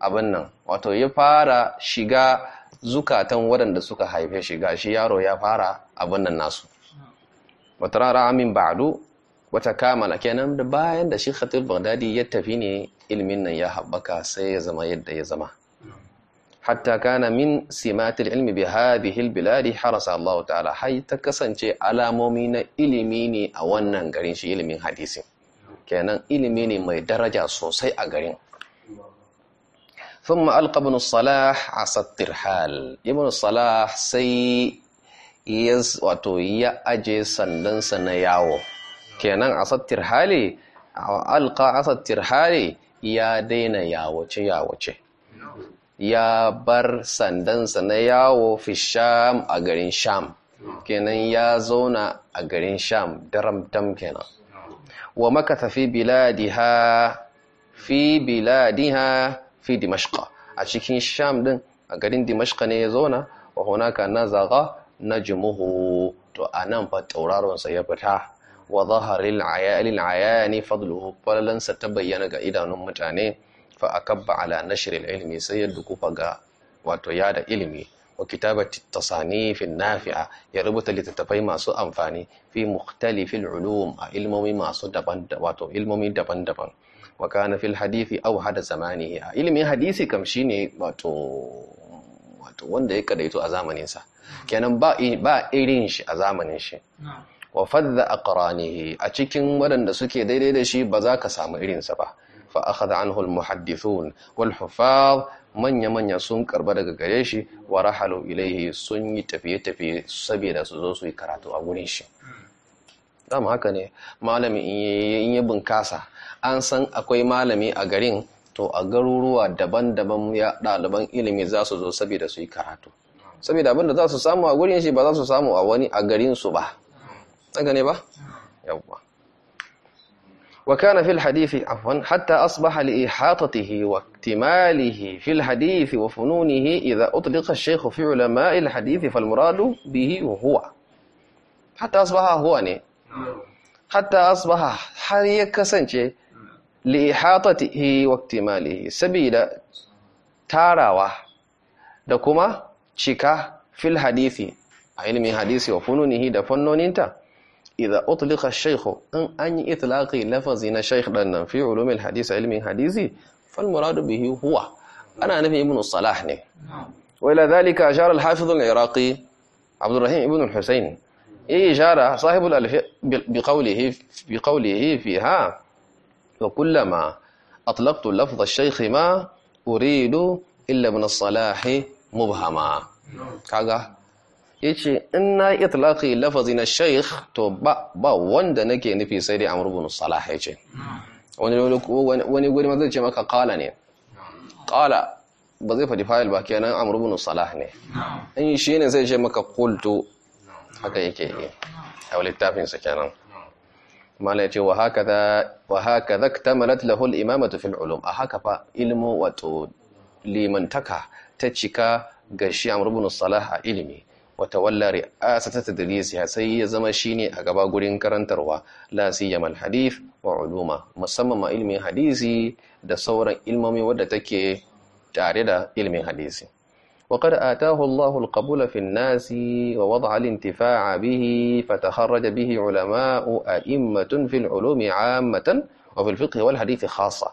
abin nan wato ya fara shiga zukatan waɗanda suka haife shiga shi yaro ya fara abin nan nasu wata rara amin ba'adu wata kamala kenan da bayan da shi khatib bagdadi ya tafi ne ilmin nan ya haɓaka sai ya zama yadda ya zama hatta kana min simatil ilmi bi hadhihi albiladi harasa Allah ta'ala hay ta kasance alamomi na ilimi ne a wannan garin shi ilimin hadisi kenan ilimi ne mai daraja sosai a garin thumma alqa ibn salah asattir hal ibn salah sai yes wato ya aje sa na yawo kenan asattir hali alqa asattir hali ya daina yawace yawace ya bar sandansa na yawo fi sham a garin sham kenan ya zauna a garin sham daramtam kenan wa makata fi biladiha fi biladiha fi dimashqa a cikin sham din a garin dimashqa ne ya zauna wa hunaka na najmuhu to anan fa tauraron sa ya fita wa zaharil ayali ayani fadluhu falalansa ta bayyana ga idanun mutane fa akabba ala nashr ilmi sai ya dukufa ga wato yada ilimi wa kitabati tasanifin nafi'a ya rubuta littattafai masu amfani fi mukhtalifil ulum a ilmomi masu daban wato ilmomi daban-daban wa kana fil hadisi aw hada zamanihi a ilimin hadisi kam shine wato wato wanda ya kadaito a zamanin sa kenan ba ba irin shi a zamanin shi wa fadda aqranihi a cikin waɗanda suke daidai da shi ba za ka samu irinsa ba fa an hul muhaddithun wal huffaz manya manya sun karba daga gare shi wa rahalu ilaihi sun yi tafiye tafiye saboda su zo su yi karatu a gurin shi dama haka ne malami in yi bunkasa an san akwai malami a garin to a garuruwa daban-daban ya ɗaliban ilimi za su zo saboda su yi karatu saboda abinda za su samu a gurin shi ba za su samu a wani a garinsu ba haka ne ba yawwa وكان في الحديث عفوا حتى أصبح لإحاطته واكتماله في الحديث وفنونه إذا أطلق الشيخ في علماء الحديث فالمراد به هو حتى أصبح هو ني. حتى أصبح حريك سنجي لإحاطته واكتماله سبيل تاراوة دكما شكا في الحديث علم الحديث وفنونه دفنون انت إذا أطلق الشيخ أن أي إطلاق لفظ شيخ لنا في علوم الحديث علم حديثي فالمراد به هو أنا نبي ابن الصلاح نعم وإلى ذلك أشار الحافظ العراقي عبد الرحيم ابن الحسين إيه جارة صاحب الألفية بقوله بقوله فيها وكلما أطلقت لفظ الشيخ ما أريد إلا من الصلاح مبهما نعم. كذا yace in na itlaqi lafazi na shaykh to ba ba wanda nake nufi sai dai amr ibn salah yace wani wani guri ma zai ce maka qala ne qala ba zai faɗi fayil ba kenan amr ibn salah ne in shi ne sai ce maka kultu haka yake yi a littafin sa kenan mala yace wa haka wa hakaza iktamalat lahu al-imamatu fil ulum a haka fa ilmu wato limantaka ta cika ga shi amr ibn salah a ilimi wata wallari a sata tadrisiya sai ya zama shine a gaba gurin karantarwa la siyama alhadith wa uluma musamman ilmin hadisi da sauran ilmomi wadda take tare da ilmin hadisi wa آتاه الله القبول في الناس bihi الانتفاع به فتخرج به علماء أئمة في العلوم عامة وفي الفقه والحديث خاصة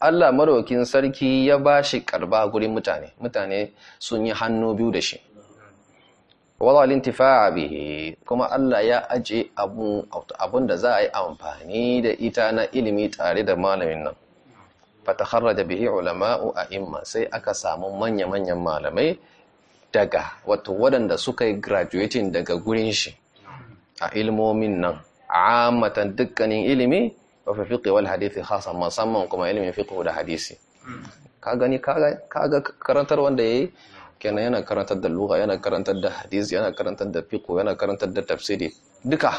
Allah madaukin sarki ya bashi karba gurin mutane mutane sun yi hannu biyu da shi wala a bihi kuma Allah ya aje abun da za a yi amfani da ita na ilimi tare da malamin nan da bihi ulama'u imma sai aka samu manya-manyan malamai daga wato waɗanda suka yi graduating daga gurin shi a ilmomin nan amatan dukkanin ilimi wa fi fiƙe wal hadisi hasan musamman kuma ilimin fiƙe da hadisi hmm. ka gani ga karantar wanda ya yi. kenan yana karantar da lugha yana karantar da hadis yana karantar da fiqh yana karantar da tafsiri duka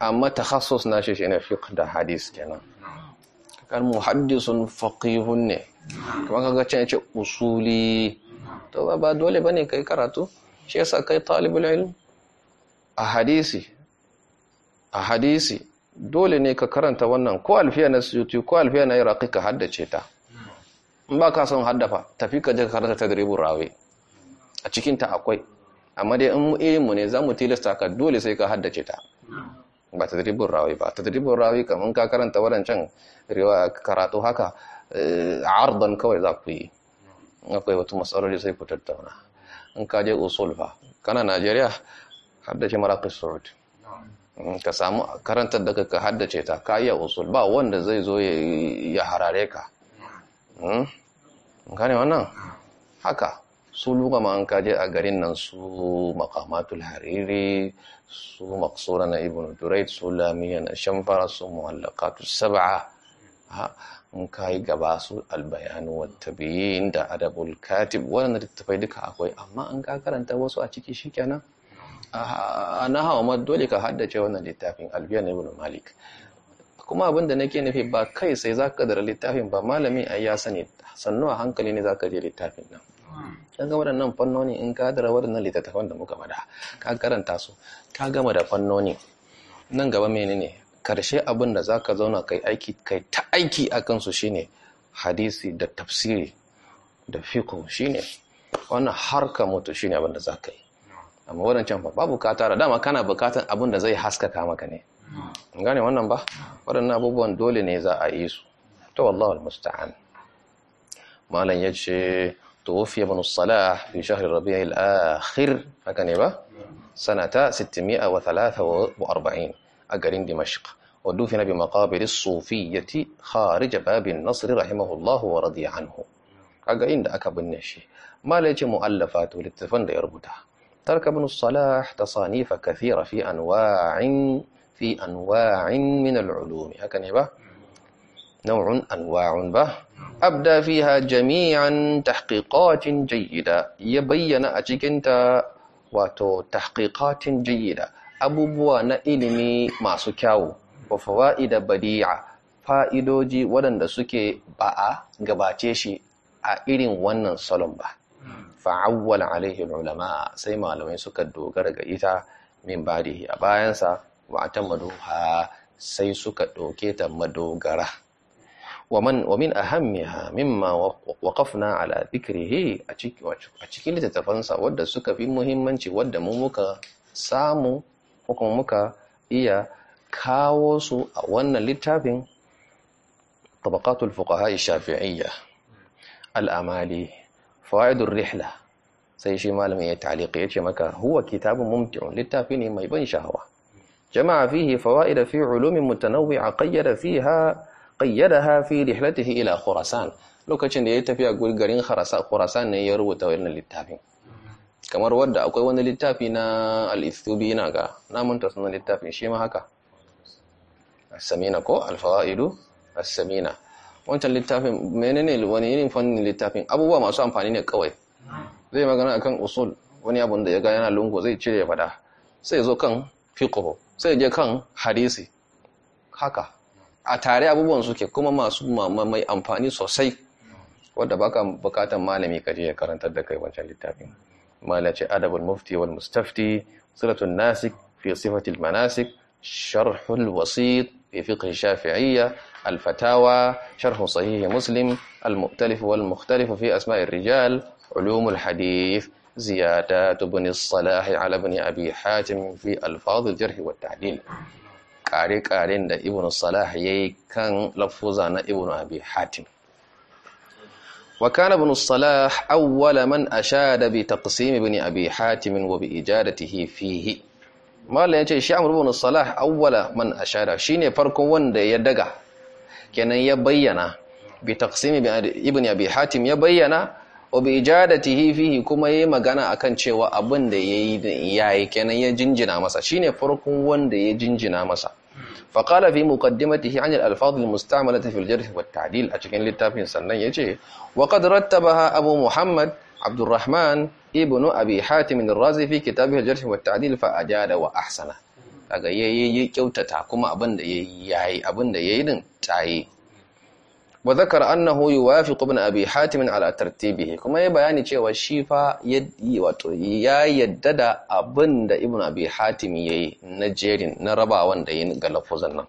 amma takhassus na shi shine fiqh da hadis kenan kan muhaddisun faqihun ne kuma kaga cewa yace usuli to ba dole bane kai karatu shi yasa kai talibul ilm a hadisi a hadisi dole ne ka karanta wannan ko alfiya na suyuti ko alfiya na iraqi ka haddace ta in ba ka son haddafa tafi ka je ka karanta tadribul rawi a cikinta akwai amma dai in mu ne za mu tilasta ka dole sai ka haddace ta ba ta dribin rawi ba ta dribin rawi kamar ka karanta wadancan karatu haka eh, ardan kawai za ku yi akwai wata matsaloli sai ku tattauna in ka je usul ba kana najeriya haddace maraƙis surut ka samu karanta daga ka haddace ta ka iya usul ba wanda zai zo ya harare ka hmm? ne wannan haka su luka ma an kaje a garin nan su makamatul hariri su maksura na ibn durait su lamiya na shamfara su muhallakatu saba'a in kayi gaba su albayanu wattabiyin da adabul katib waɗanda littattafai duka akwai amma an ka karanta wasu a ciki shikenan a na hawa ma dole ka haddace wannan littafin albiyan ibn malik kuma abin da nake nufi ba kai sai zaka da littafin ba malami ai ya sani sannu a hankali ne zaka je littafin nan ga waɗannan fannoni in ka dara waɗannan littattafan da muka faɗa ka karanta su ka gama da fannoni nan gaba menene karshe abin da za ka zauna kai aiki kai ta aiki kansu shi shine hadisi da tafsiri da shi shine wannan harka mutu shine abin da za ka yi amma waɗancan babu bukata da dama kana bukatan abin da zai haskaka maka ne gane wannan ba waɗannan abubuwan dole ne za a yi su to almusta'an malam yace توفي ابن الصلاح في شهر الربيع الآخر فكان يبا سنة 643 أجرين دمشق ودفن بمقابر الصوفية خارج باب النصر رحمه الله ورضي عنه أجرين دا أكب النشي ما ليش مؤلفات للتفن يربطها ترك ابن الصلاح تصانيف كثيرة في أنواع في أنواع من العلوم هكذا يبا نوع أنواع به abda fiha jami'an tahqiqatin jayyida ya bayyana a cikinta wato tahƙiƙatin jayyida abubuwa na ilimi masu kyawu wa fawaida badi'a fa'idodi waɗanda suke ba'a gabace shi a irin wannan salon ba fa'awwala alaihi ulama sai malamai suka dogara ga ita min badihi a bayansa wa ta maduha sai suka ɗauke ta madogara ومن ومن أهمها مما وقفنا على ذكره أشكل تتفنسى ودى سكا في مهمنش ودى موموكا سامو وكموكا إيا كاوسو أولنا للتابين طبقات الفقهاء الشافعية الأمالي فوائد الرحلة سيشي مالم إيا تعليق يتشي مكا هو كتاب ممتع للتابين ما يبين شهوة جمع فيه فوائد في علوم متنوعة قيد فيها da fi rihlatihi ila khurasan lokacin da ya tafiya garin khurasan ne ya rubuta wannan littafin kamar wadda akwai wani littafi na al-ithubi na ga namun ta sunan littafin shi ma haka as-samina ko al-fawaidu as-samina wancan littafin menene wani irin fannin littafin abubuwa masu amfani ne kawai zai magana akan usul wani abun da ya ga yana lungu zai cire ya fada sai zo kan fiqh sai je kan hadisi haka a tare abubuwan suke kuma masu mai amfani sosai wadda baka bukatan malami ka je ya karantar da kai wancan littafin malace adabul mufti wal mustafti suratul nasik fi sifatil manasik sharhul wasit fi fiqh shafi'iyya al fatawa sharh sahih muslim al mu'talif wal mukhtalif fi asma'ir rijal ulumul hadith زيادات ala الصلاح على ابن أبي حاتم في ألفاظ الجرح ƙare-ƙaren da ibn salah ya yi kan lafuza na ibn abi hatim وكان ابن الصلاح أول من أشاد بتقسيم ابن أبي حاتم وبإجادته فيه mallan ya ce shi amur ibn salah awwala man ashara shine farkon wanda ya daga kenan ya bayyana bi taqsim ibn abi hatim ya bayyana wa bi ijadatihi fihi kuma yayi magana akan cewa abin da yayi yayi kenan ya jinjina masa shine farkon wanda ya jinjina masa فقال في مقدمته عن الألفاظ المستعملة في الجرح والتعديل أشكين للتابين سنن يجي وقد رتبها أبو محمد عبد الرحمن ابن أبي حاتم الرازي في كتابه الجرح والتعديل فأجاد وأحسنه kaga yayi kyautata kuma abin da yayi yayi abin da yayi din tayi وذكر أنه يوافق ابن أبي حاتم على ترتيبه كما يبياني يعني شيء وشيفا يدي وطي يا يددا أبن ابن أبي حاتم يي نجيرين نربا وندين دين غلفوزنا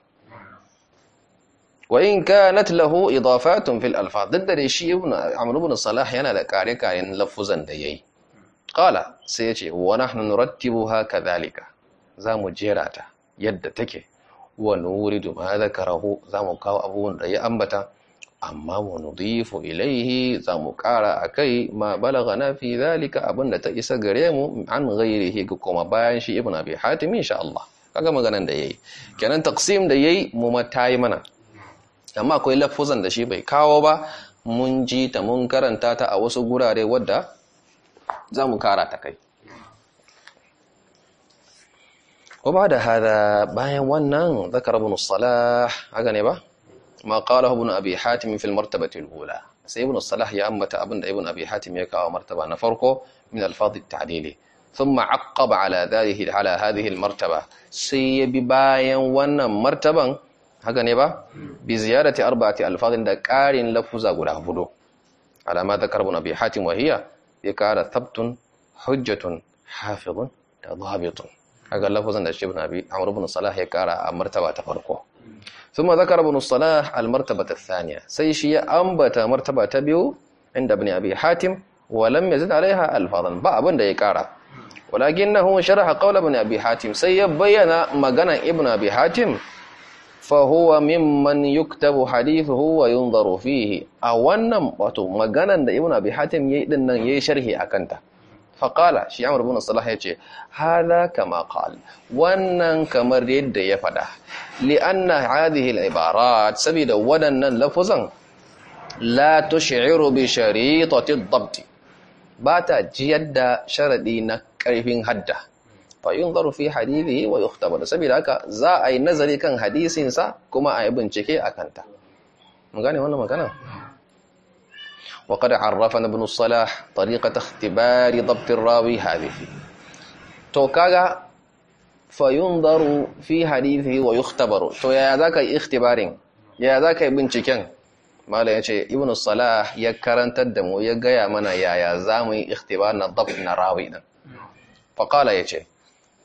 وإن كانت له إضافات في الألفاظ ضد ريشي ابن عمرو بن الصلاح ينا لكاري كارين لفوزن دا يي قال سيجي ونحن نرتبها كذلك زامو جيراتا يد تكي ونورد ما ذكره زامو كاو أبو ونرأي أنبتا amma wa nudifu ilaihi za mu kara a kai ma balaga na fi zalika abinda ta isa gare mu an gairihi ga kuma bayan shi ibn abi hatim insha Allah kaga maganan da yayi kenan Taksim da yayi mu matai mana amma akwai lafuzan da shi bai kawo ba mun ji ta mun karanta ta a wasu gurare wadda za mu kara ta kai ko ba da hada bayan wannan zakar ibn salah haka ne ba ma qalahu ibn abi hatim fi al-martabati al-ula sai ibn salah ya ambata abinda ibn abi hatim ya kawo martaba na farko min alfaz at-ta'dili thumma aqqaba ala dhalihi ala hadhihi al-martaba sai ya bi bayan wannan martaban haka ne ba bi ziyarati arba'ati alfazin da qarin lafuza guda hudu alama da karbun abi hatim wahiya ya kara thabtun hujjatun hafizun da dhabitun kaga lafuzan da shi ibn abi amr ibn salah ya kara a martaba ta farko ثم ذكر ابن الصلاح المرتبة الثانية سيشي أنبت مرتبة تبيو عند ابن أبي حاتم ولم يزد عليها ألفاظا باب دا يكارا ولكنه شرح قول ابن أبي حاتم سيبين مغنى ابن أبي حاتم فهو ممن يكتب حديثه وينظر فيه أولا مغنى ابن أبي حاتم يدن يشرحي أكنته faƙala shi amur bin salah ya ce hada kama qal wannan kamar yadda ya faɗa li anna hadhihi al-ibarat saboda waɗannan lafuzan la tush'iru bi sharitati ad bata, ba ta jiyar da sharaɗi na ƙarfin hadda fayunzaru fi hadithi wa yukhtabar saboda haka za a yi nazari kan hadisinsa kuma a yi bincike a kanta mu gane wannan magana وقد عرفنا ابن الصلاح طريقة taktibari ضبط الراوي هذه to kaga fayundaru fi hadithi wa yuktabaru to yaya zaka yi ikhtibarin yaya zaka yi binciken malam yace ibn salah ya karantar da mu ya gaya mana yaya zamu yi ikhtibar na dhabt na rawi din fa qala yace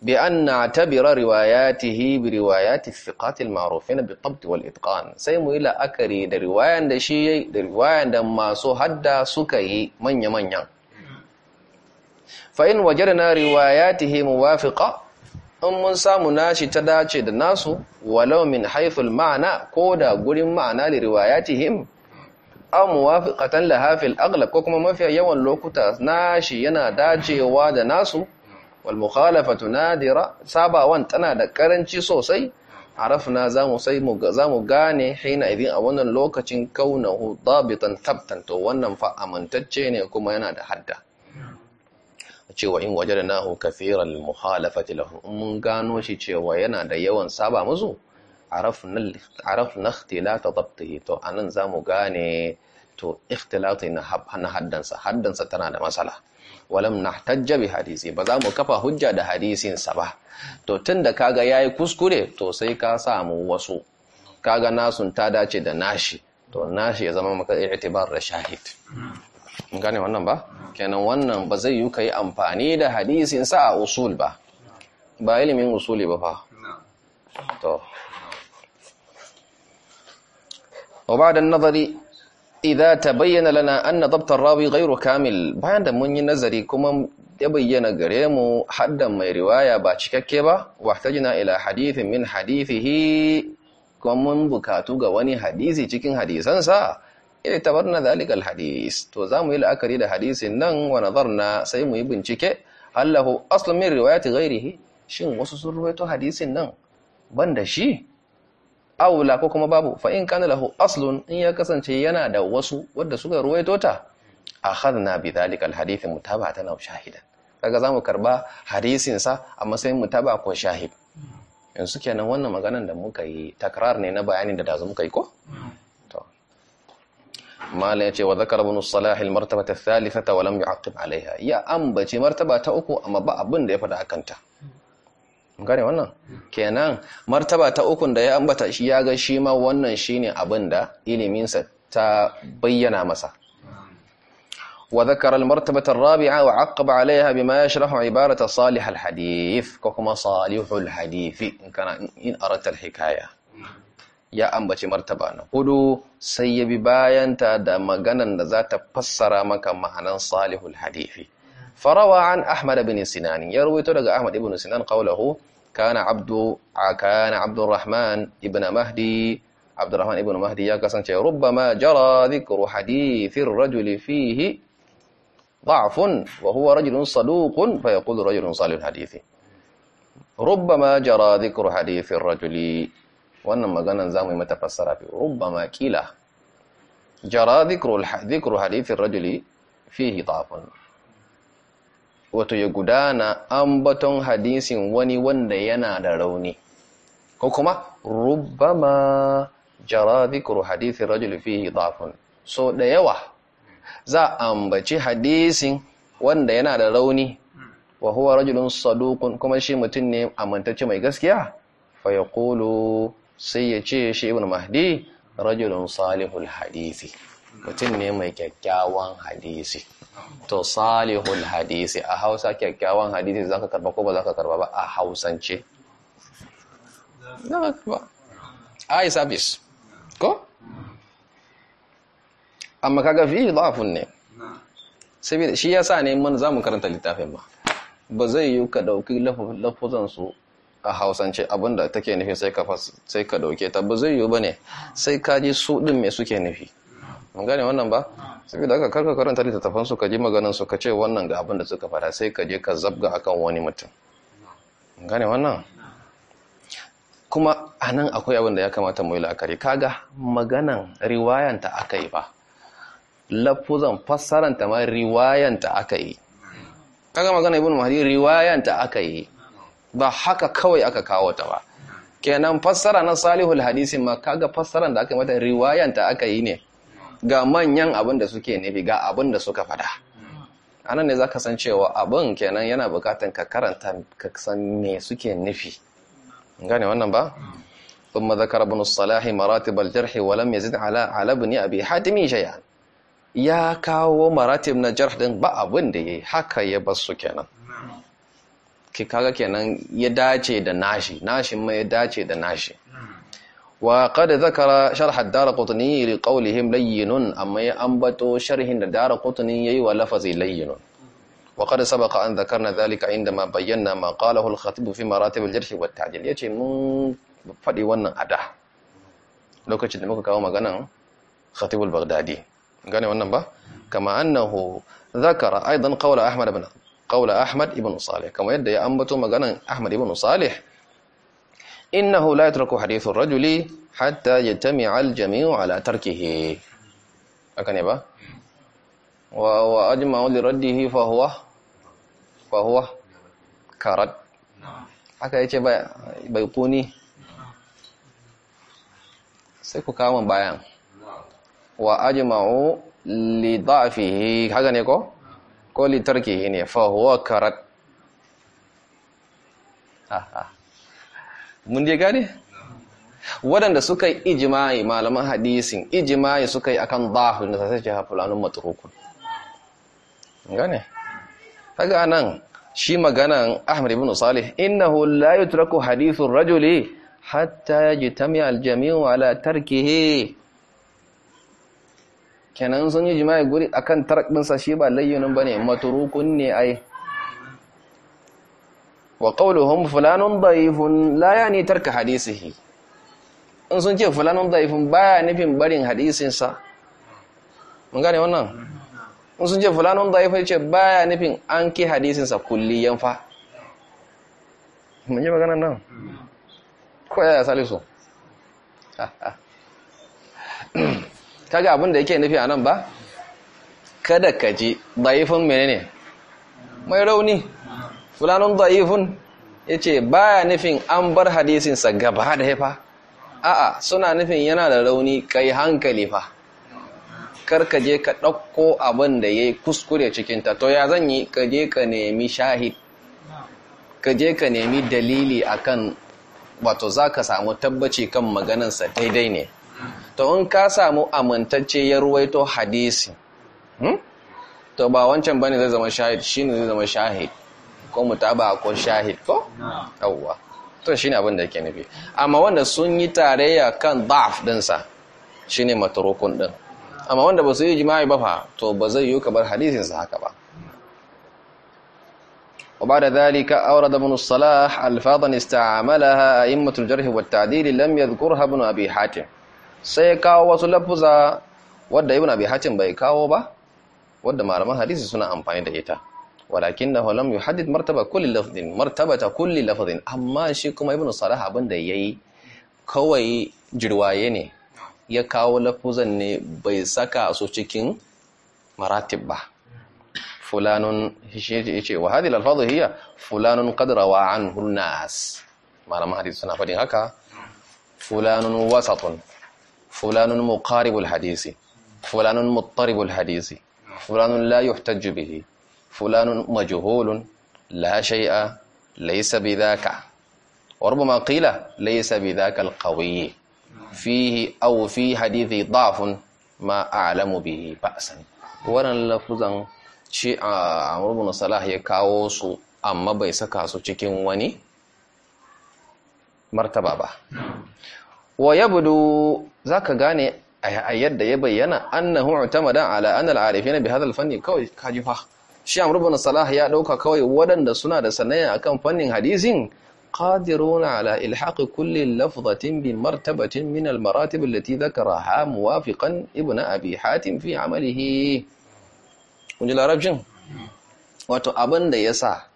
بأن نعتبر رواياته بروايات الثقات المعروفين بالضبط والإتقان سيم إلى أكري رواية شيء رواية ما سو هدى سكي من يمن فإن وجدنا رواياته موافقة أم سامنا شتدا شد الناس ولو من حيث المعنى كودا قول معنى لرواياتهم أو موافقة لها في الأغلب كما ما في يوم أيوة لوكتا ناشي ينا داجي واد ناسو walmukhalafatu nadira sabawan tana da karanci sosai arafna zamu sai mu zamu gane hina idin a wannan lokacin kaunahu dabitan tabtan to wannan fa amantacce ne kuma yana da hadda cewa in wajadnahu kathiran muhalafati lahu mun gano shi cewa yana da yawan saba musu arafna arafna ikhtilata dabtihi to anan zamu gane to ikhtilati na haddansa haddansa tana da matsala walam nahtajja bi hadisi ba za mu kafa hujja da hadisin sa ba to tunda kaga yayi kuskure to sai ka samu wasu kaga nasun ta dace da nashi to nashi ya zama maka i'tibar da shahid gane wannan ba kenan wannan ba zai yi kai amfani da hadisin sa a usul ba ba ilimin usuli ba fa to an nazari. ta tabayyana lana anna dabt rawi ghayru kamil bayan da mun yi nazari kuma ya bayyana gare mu haddan mai riwaya ba cikakke ba wahtajna ila hadithin min hadithihi kuma mun bukatu ga wani hadisi cikin hadisansa ila tabarna zalika alhadis to zamu yi la'akari da hadisin nan wa nazarna sai mu yi bincike allahu aslu min riwayati ghairihi shin wasu sun ruwaito hadisin nan banda shi aula ko kuma babu fa in kana lahu aslun in ya kasance yana da wasu wadda suka ruwaito ta akhadna bi dhalika alhadith mutaba'atan aw shahidan kaga zamu karba hadisin sa a matsayin mutaba ko shahid yanzu kenan wannan maganan da muka yi takrar ne na bayanin da dazu muka yi ko to mala yace wa zakara ibn salah almartaba athalithata wa lam yu'aqib alaiha ya ambace martaba ta uku amma ba abin da ya fada akanta gane wannan kenan martaba ta ukun da ya ambata shi ya ga shi ma wannan shine abin da iliminsa ta bayyana masa wa martabatar al-martaba rabia wa 'aqqaba 'alayha bima yashrahu 'ibarata salih al-hadith ko kuma salihul hadith in kana in arata al-hikaya ya ambaci martaba na hudu sai ya bi bayanta da maganan da za ta fassara maka ma'anan salihul hadith فروى عن أحمد بن سنان يروي تلقى أحمد بن سنان قوله كان عبد كان عبد الرحمن ابن مهدي عبد الرحمن ابن مهدي يا كسان ربما جرى ذكر حديث الرجل فيه ضعف وهو رجل صدوق فيقول رجل صالح الحديث ربما جرى ذكر حديث الرجل وانما maganan زامي متفسر mata ربما fi جرى ذكر ذكر حديث الرجل فيه ضعف wato ya gudana ambaton hadisin wani wanda yana da rauni ko kuma rubbama jara dhikru hadithi rajul fihi dhafun so da yawa za ambaci hadisin wanda yana da rauni wa huwa rajulun saduqun kuma shi mutum ne amintacce mai gaskiya fa yaqulu sai ya ce shi ibn mahdi rajulun salihul hadisi mutum ne mai kyakkyawan hadisi to salihul hadisi a hausa kyakkyawan hadisi za ka karba ko ba za ka karba ba a hausance a yi sabis ko? amma kaga fi dafin ne saboda shi ya sa ne man za mu karanta littafin ba ba zai yi ka ɗauki lafuzansu a hausance abinda take nufi sai ka ɗauke ta ba zai yi ba ne sai ka ji su din mai suke nufi an gane wannan ba saboda haka karka karanta littattafan su ka ji maganan su ka ce wannan ga abin da suka fara sai ka je ka zabga akan wani mutum an gane wannan kuma anan akwai abin da ya kamata mu yi la'akari kaga maganan riwayanta aka yi ba lafuzan fassaranta ma riwayanta aka yi kaga magana ibn mahdi riwayanta aka yi ba haka kawai aka kawo ta ba kenan fassara na salihul hadisi ma kaga fassaran da aka mata riwayanta aka yi ne ga manyan abin da suke nufi ga abin da suka fada anan ne za ka san cewa abin kenan yana bukatan ka karanta ka san me suke nufi gane wannan ba ثم salahi ابن الصلاح مراتب الجرح ولم يزد على على ابن ابي حاتم shay'a. ya kawo maratib na jarh din ba abin da yayi haka ya bar su kenan ki kaga kenan ya dace da nashi nashin ma ya dace da nashi wa kada zakara sharhar dara kutuni rikaulihim layyinun amma ya bato sharhin da dara kutuni ya yi wa lafazi layyinun wa kada saba ka an zakar na zalika inda ma bayyana ma kala hulkatubu fi marati bil jirhi wata ya ce mun faɗi wannan a da lokacin da muka kawo maganan khatibul baghdadi gane wannan ba kama annahu zakara aidan kawla ahmad ibn salih kama yadda ya ambato maganan ahmad ibn salih إنه لا يترك حديث الرجل حتى يجتمع الجميع على تركه أكن يبا وأجمع لرده فهو فهو كارد أكا يتبع بيقوني سيكو كاما بايا وأجمع لضعفه حقا نيكو قول تركه فهو كارد آه، آه. mun dai gane waɗanda suka yi ijima'i malaman hadisin ijima'i suka yi akan zahir da sai ce fulanin matukukun gane kaga anan shi maganan Ahmad ibn Salih hula yi yutraku hadisun rajuli hatta yajtami al-jami'u ala tarkihi kenan sun yi jima'i guri akan kan shi ba layyunin ne maturukun ne ai wa qawluhum fulanun da'ifun la yani tarka hadisihi in sun ce fulanun daifin baya nufin barin hadisinsa mun gane wannan in sun ce fulanun daifin ce baya nufin an ki hadisinsa kulliyan fa mun ji magana nan ko ya salisu kaga abin da yake nufi a nan ba kada ka ji da'ifun menene mai rauni fulanun da'ifun Ba ya nufin an bar hadisinsa gaba da fa a'a suna nufin yana da rauni kai hankali fa karka je ka ɗauko abin da ya yi kuskure cikin ta to ya zan yi ka je ka nemi shahid ka ka nemi dalili akan wato ka samu tabbaci kan maganansa daidai ne to in ka samu amintacce ya ruwaito hadisi hmm? to ba wancan bane zai zama shahid shine zai zama shahid ko mutaba ko shahid ko yawwa to shine abin da yake nufi amma wanda sun yi tarayya kan da'af sa shine matrukun din amma wanda ba su yi jima'i ba fa to ba zai yi kabar hadisin sa haka ba وبعد ذلك أورد ابن الصلاح ألفاظا استعملها أئمة الجرح والتعديل لم يذكرها ابن أبي حاتم سيكاو وسلفزا ودى ابن أبي حاتم بيكاو با malaman hadisi حديث سنة أمباني دهيتا ولكنه لم يحدد مرتبة كل لفظ مرتبة كل لفظ أما شيء كما ابن صلاح أبن دي يي كوي جدوايني يكاو كاو لفظا ني بيساكا سوشيكين مراتب با فلان وهذه الألفاظ هي فلان قد روى عنه الناس ما لما حديث سنة فدين هكا فلان وسط فلان مقارب الحديث فلان مضطرب الحديث فلان لا يحتج به fulanun majhulun la shay'a laysa bidhaka warbama qila laysa bidhaka alqawi fihi aw fi hadithi dafun ma a'lamu bihi ba'san waran lafuzan shi amrun salah ya kawo su amma bai saka su cikin wani martaba ba wa yabdu zaka gane a yadda ya bayyana annahu utamada ala an al-arifina bi hadha al-fanni kawai kajifa shi amr ibn salah ya dauka kawai waɗanda suna da sanaya akan fannin hadisin qadiruna ala ilhaqi kulli lafzatin bi martabatin min al maratib allati dhakaraha muwafiqan ibn abi hatim fi amalihi kun ji larabcin wato abinda yasa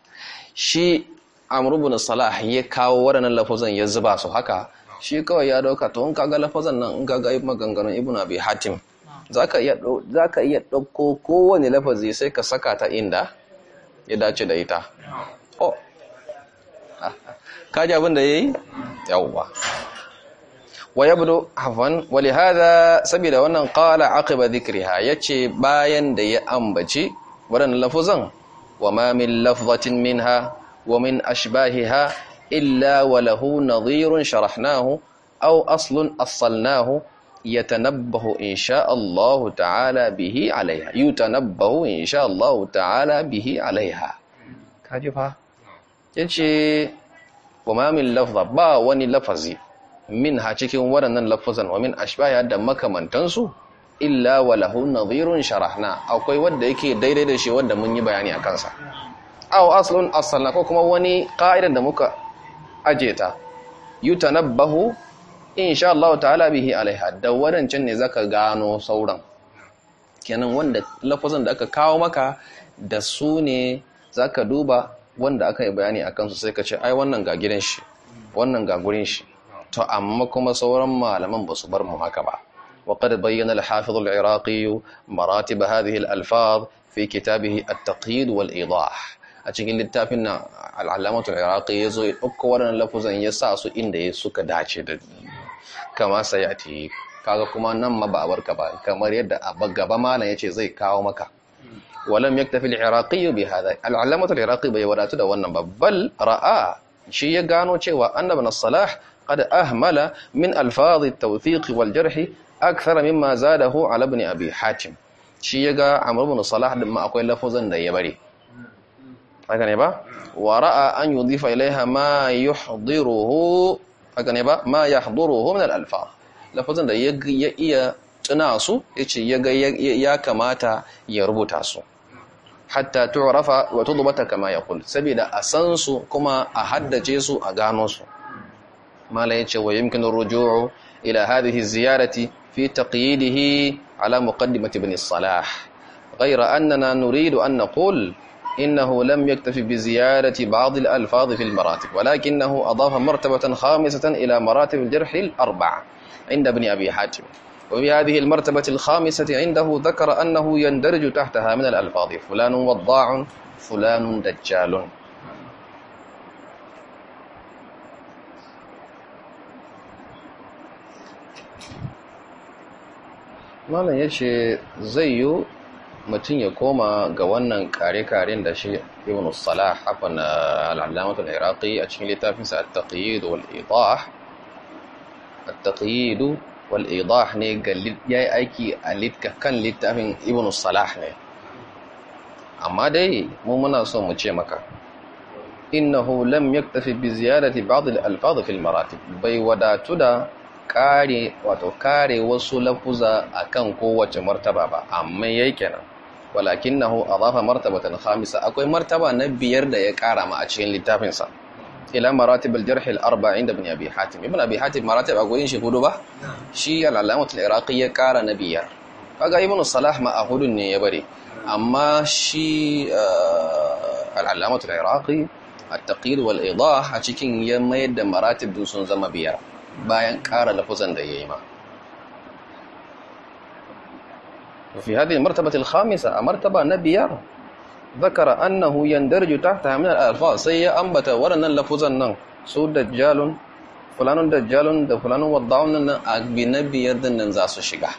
shi amr salah ya kawo waɗannan lafazan ya zuba su haka shi kawai ya dauka to in kaga lafazan nan in kaga maganganun ibn abi hatim za ka iya ɗauko kowane lafazi sai ka saka ta inda ya dace da ita oh kaji abin da ya yi yawwa wa ya budo hafan wali hada saboda wannan kala aqiba zikiriha ya ce bayan da ya ambaci waɗannan lafuzan wa ma min ha? wa min ashbahiha illa wa lahu nazirun sharahnahu au aslun asalnahu yatanabbahu insha Allah ta'ala bihi alaiha yutanabbahu insha Allah ta'ala bihi alaiha kaji fa yace kuma min lafza ba wani lafazi min ha cikin waɗannan lafazan wa min ya da makamantansu illa wa lahu nadhirun sharahna akwai wanda yake daidai da shi wanda mun yi bayani a kansa aw aslun asalna ko kuma wani ka'idan da muka ajeta yutanabbahu insha Allah ta'ala bihi alaiha da wadancan ne zaka gano sauran kenan wanda lafazan da aka kawo maka da su ne zaka duba wanda aka yi bayani akan su sai ka ce ai wannan ga gidan shi wannan ga gurin shi to amma kuma sauran malaman ba su bar mu haka ba وقد بين الحافظ العراقي مراتب هذه الألفاظ في كتابه التقييد والإيضاح a cikin littafin nan al'alamatu iraqi ya zo ya ɗauka waɗannan lafuzan ya sa su inda ya suka dace da kama sayati kaga kuma nan ma ba barka ba kamar yadda gaba malam yace zai kawo maka walam yaktafi al-iraqi bi hadha al-allamatu al-iraqi bai wadatu da wannan babbal ra'a shi ya gano cewa annabi salah qad ahmala min alfaz at-tawthiq wal jarh akthar mimma zadahu ala ibn abi hatim shi ya ga amr ibn salah din ma akwai lafazan da ya bare haka ne ba wa ra'a an yudhifa ilaiha ma yuhdiruhu a gane ba ma ya haduru hu min al-alfa lafazin da ya iya tsina su yace ya ga ya kamata ya rubuta su hatta tu'rafa wa dubata kama yaqul saboda a san su kuma a haddace su a gano su mala yace wa yumkinu ruju'u ila hadihi ziyarati fi taqiyidihi ala muqaddimati bin salah غير أننا نريد أن نقول إنه لم يكتف بزيادة بعض الألفاظ في المراتب ولكنه أضاف مرتبة خامسة إلى مراتب الجرح الأربعة عند ابن أبي حاتم وفي هذه المرتبة الخامسة عنده ذكر أنه يندرج تحتها من الألفاظ فلان وضاع فلان دجال ما لا يشي زيه mutum ya koma ga wannan kare-karen da shi ibn salah hafan eh, al'alamatul iraqi a cikin littafinsa a taqyid wal ne ga yayi aiki a litka kan littafin ibn salah ne amma dai mu muna so mu ce maka innahu lam tafi bi ziyarati ba'd al fil marati bai wadatu da kare wato kare wasu lafuza akan kowace martaba ba amma yake walakin a adafa martabatan khamisa akwai martaba na biyar da ya kara ma a cikin littafinsa ila maratib al-jarh al-arba inda ibn abi hatim ibn abi hatim maratib a gurin shi hudu ba shi al-alamah iraqi ya kara na biyar kaga ibn salah ma a hudun ne ya bare amma shi eh, al-alamah iraqi at-taqil wal-idah a cikin ya mayar da maratib sun zama biyar bayan kara lafuzan da yayi ma وفي هذه المرتبة الخامسة مرتبة نبيار ذكر أنه يندرج تحتها من الألفاظ سي أنبت ورنا لفظا سود سو دجال فلان دجال فلان وضعون أكبر نبي نن ننزاس الشقة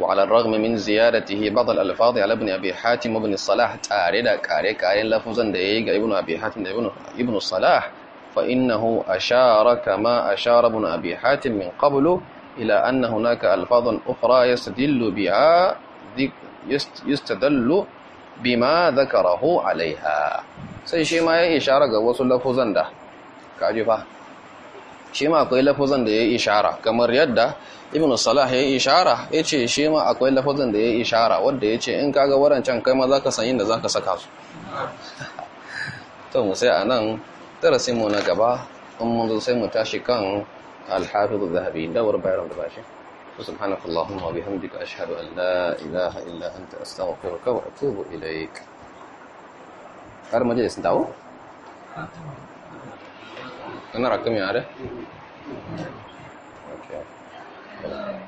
وعلى الرغم من زيارته بعض الألفاظ على ابن أبي حاتم وابن الصلاح تاريدا كاري كاري لفظا دقيق ابن أبي حاتم ابن ابن الصلاح فإنه أشار كما أشار ابن أبي حاتم من قبله إلى أن هناك ألفاظ أخرى يستدل بها يستدل بما ذكره عليها sai shi ma ya ishara ga wasu lafuzan da kaji fa shi ma akwai lafuzan da ya ishara kamar yadda ibn salah ya ishara ya ce shi ma akwai lafuzan da ya ishara wadda ya ce in kaga warancan kai ma za ka san da za ka saka su to mu sai a nan mu na gaba in mun sai mu tashi kan الحافظ الذهبي ده وربع يرم دباشي وسبحانك اللهم وبحمدك أشهد أن لا إله إلا أنت أستغفرك وأتوب إليك Ada majelis tahu? أنا rakam يا ada? Oke. Okay.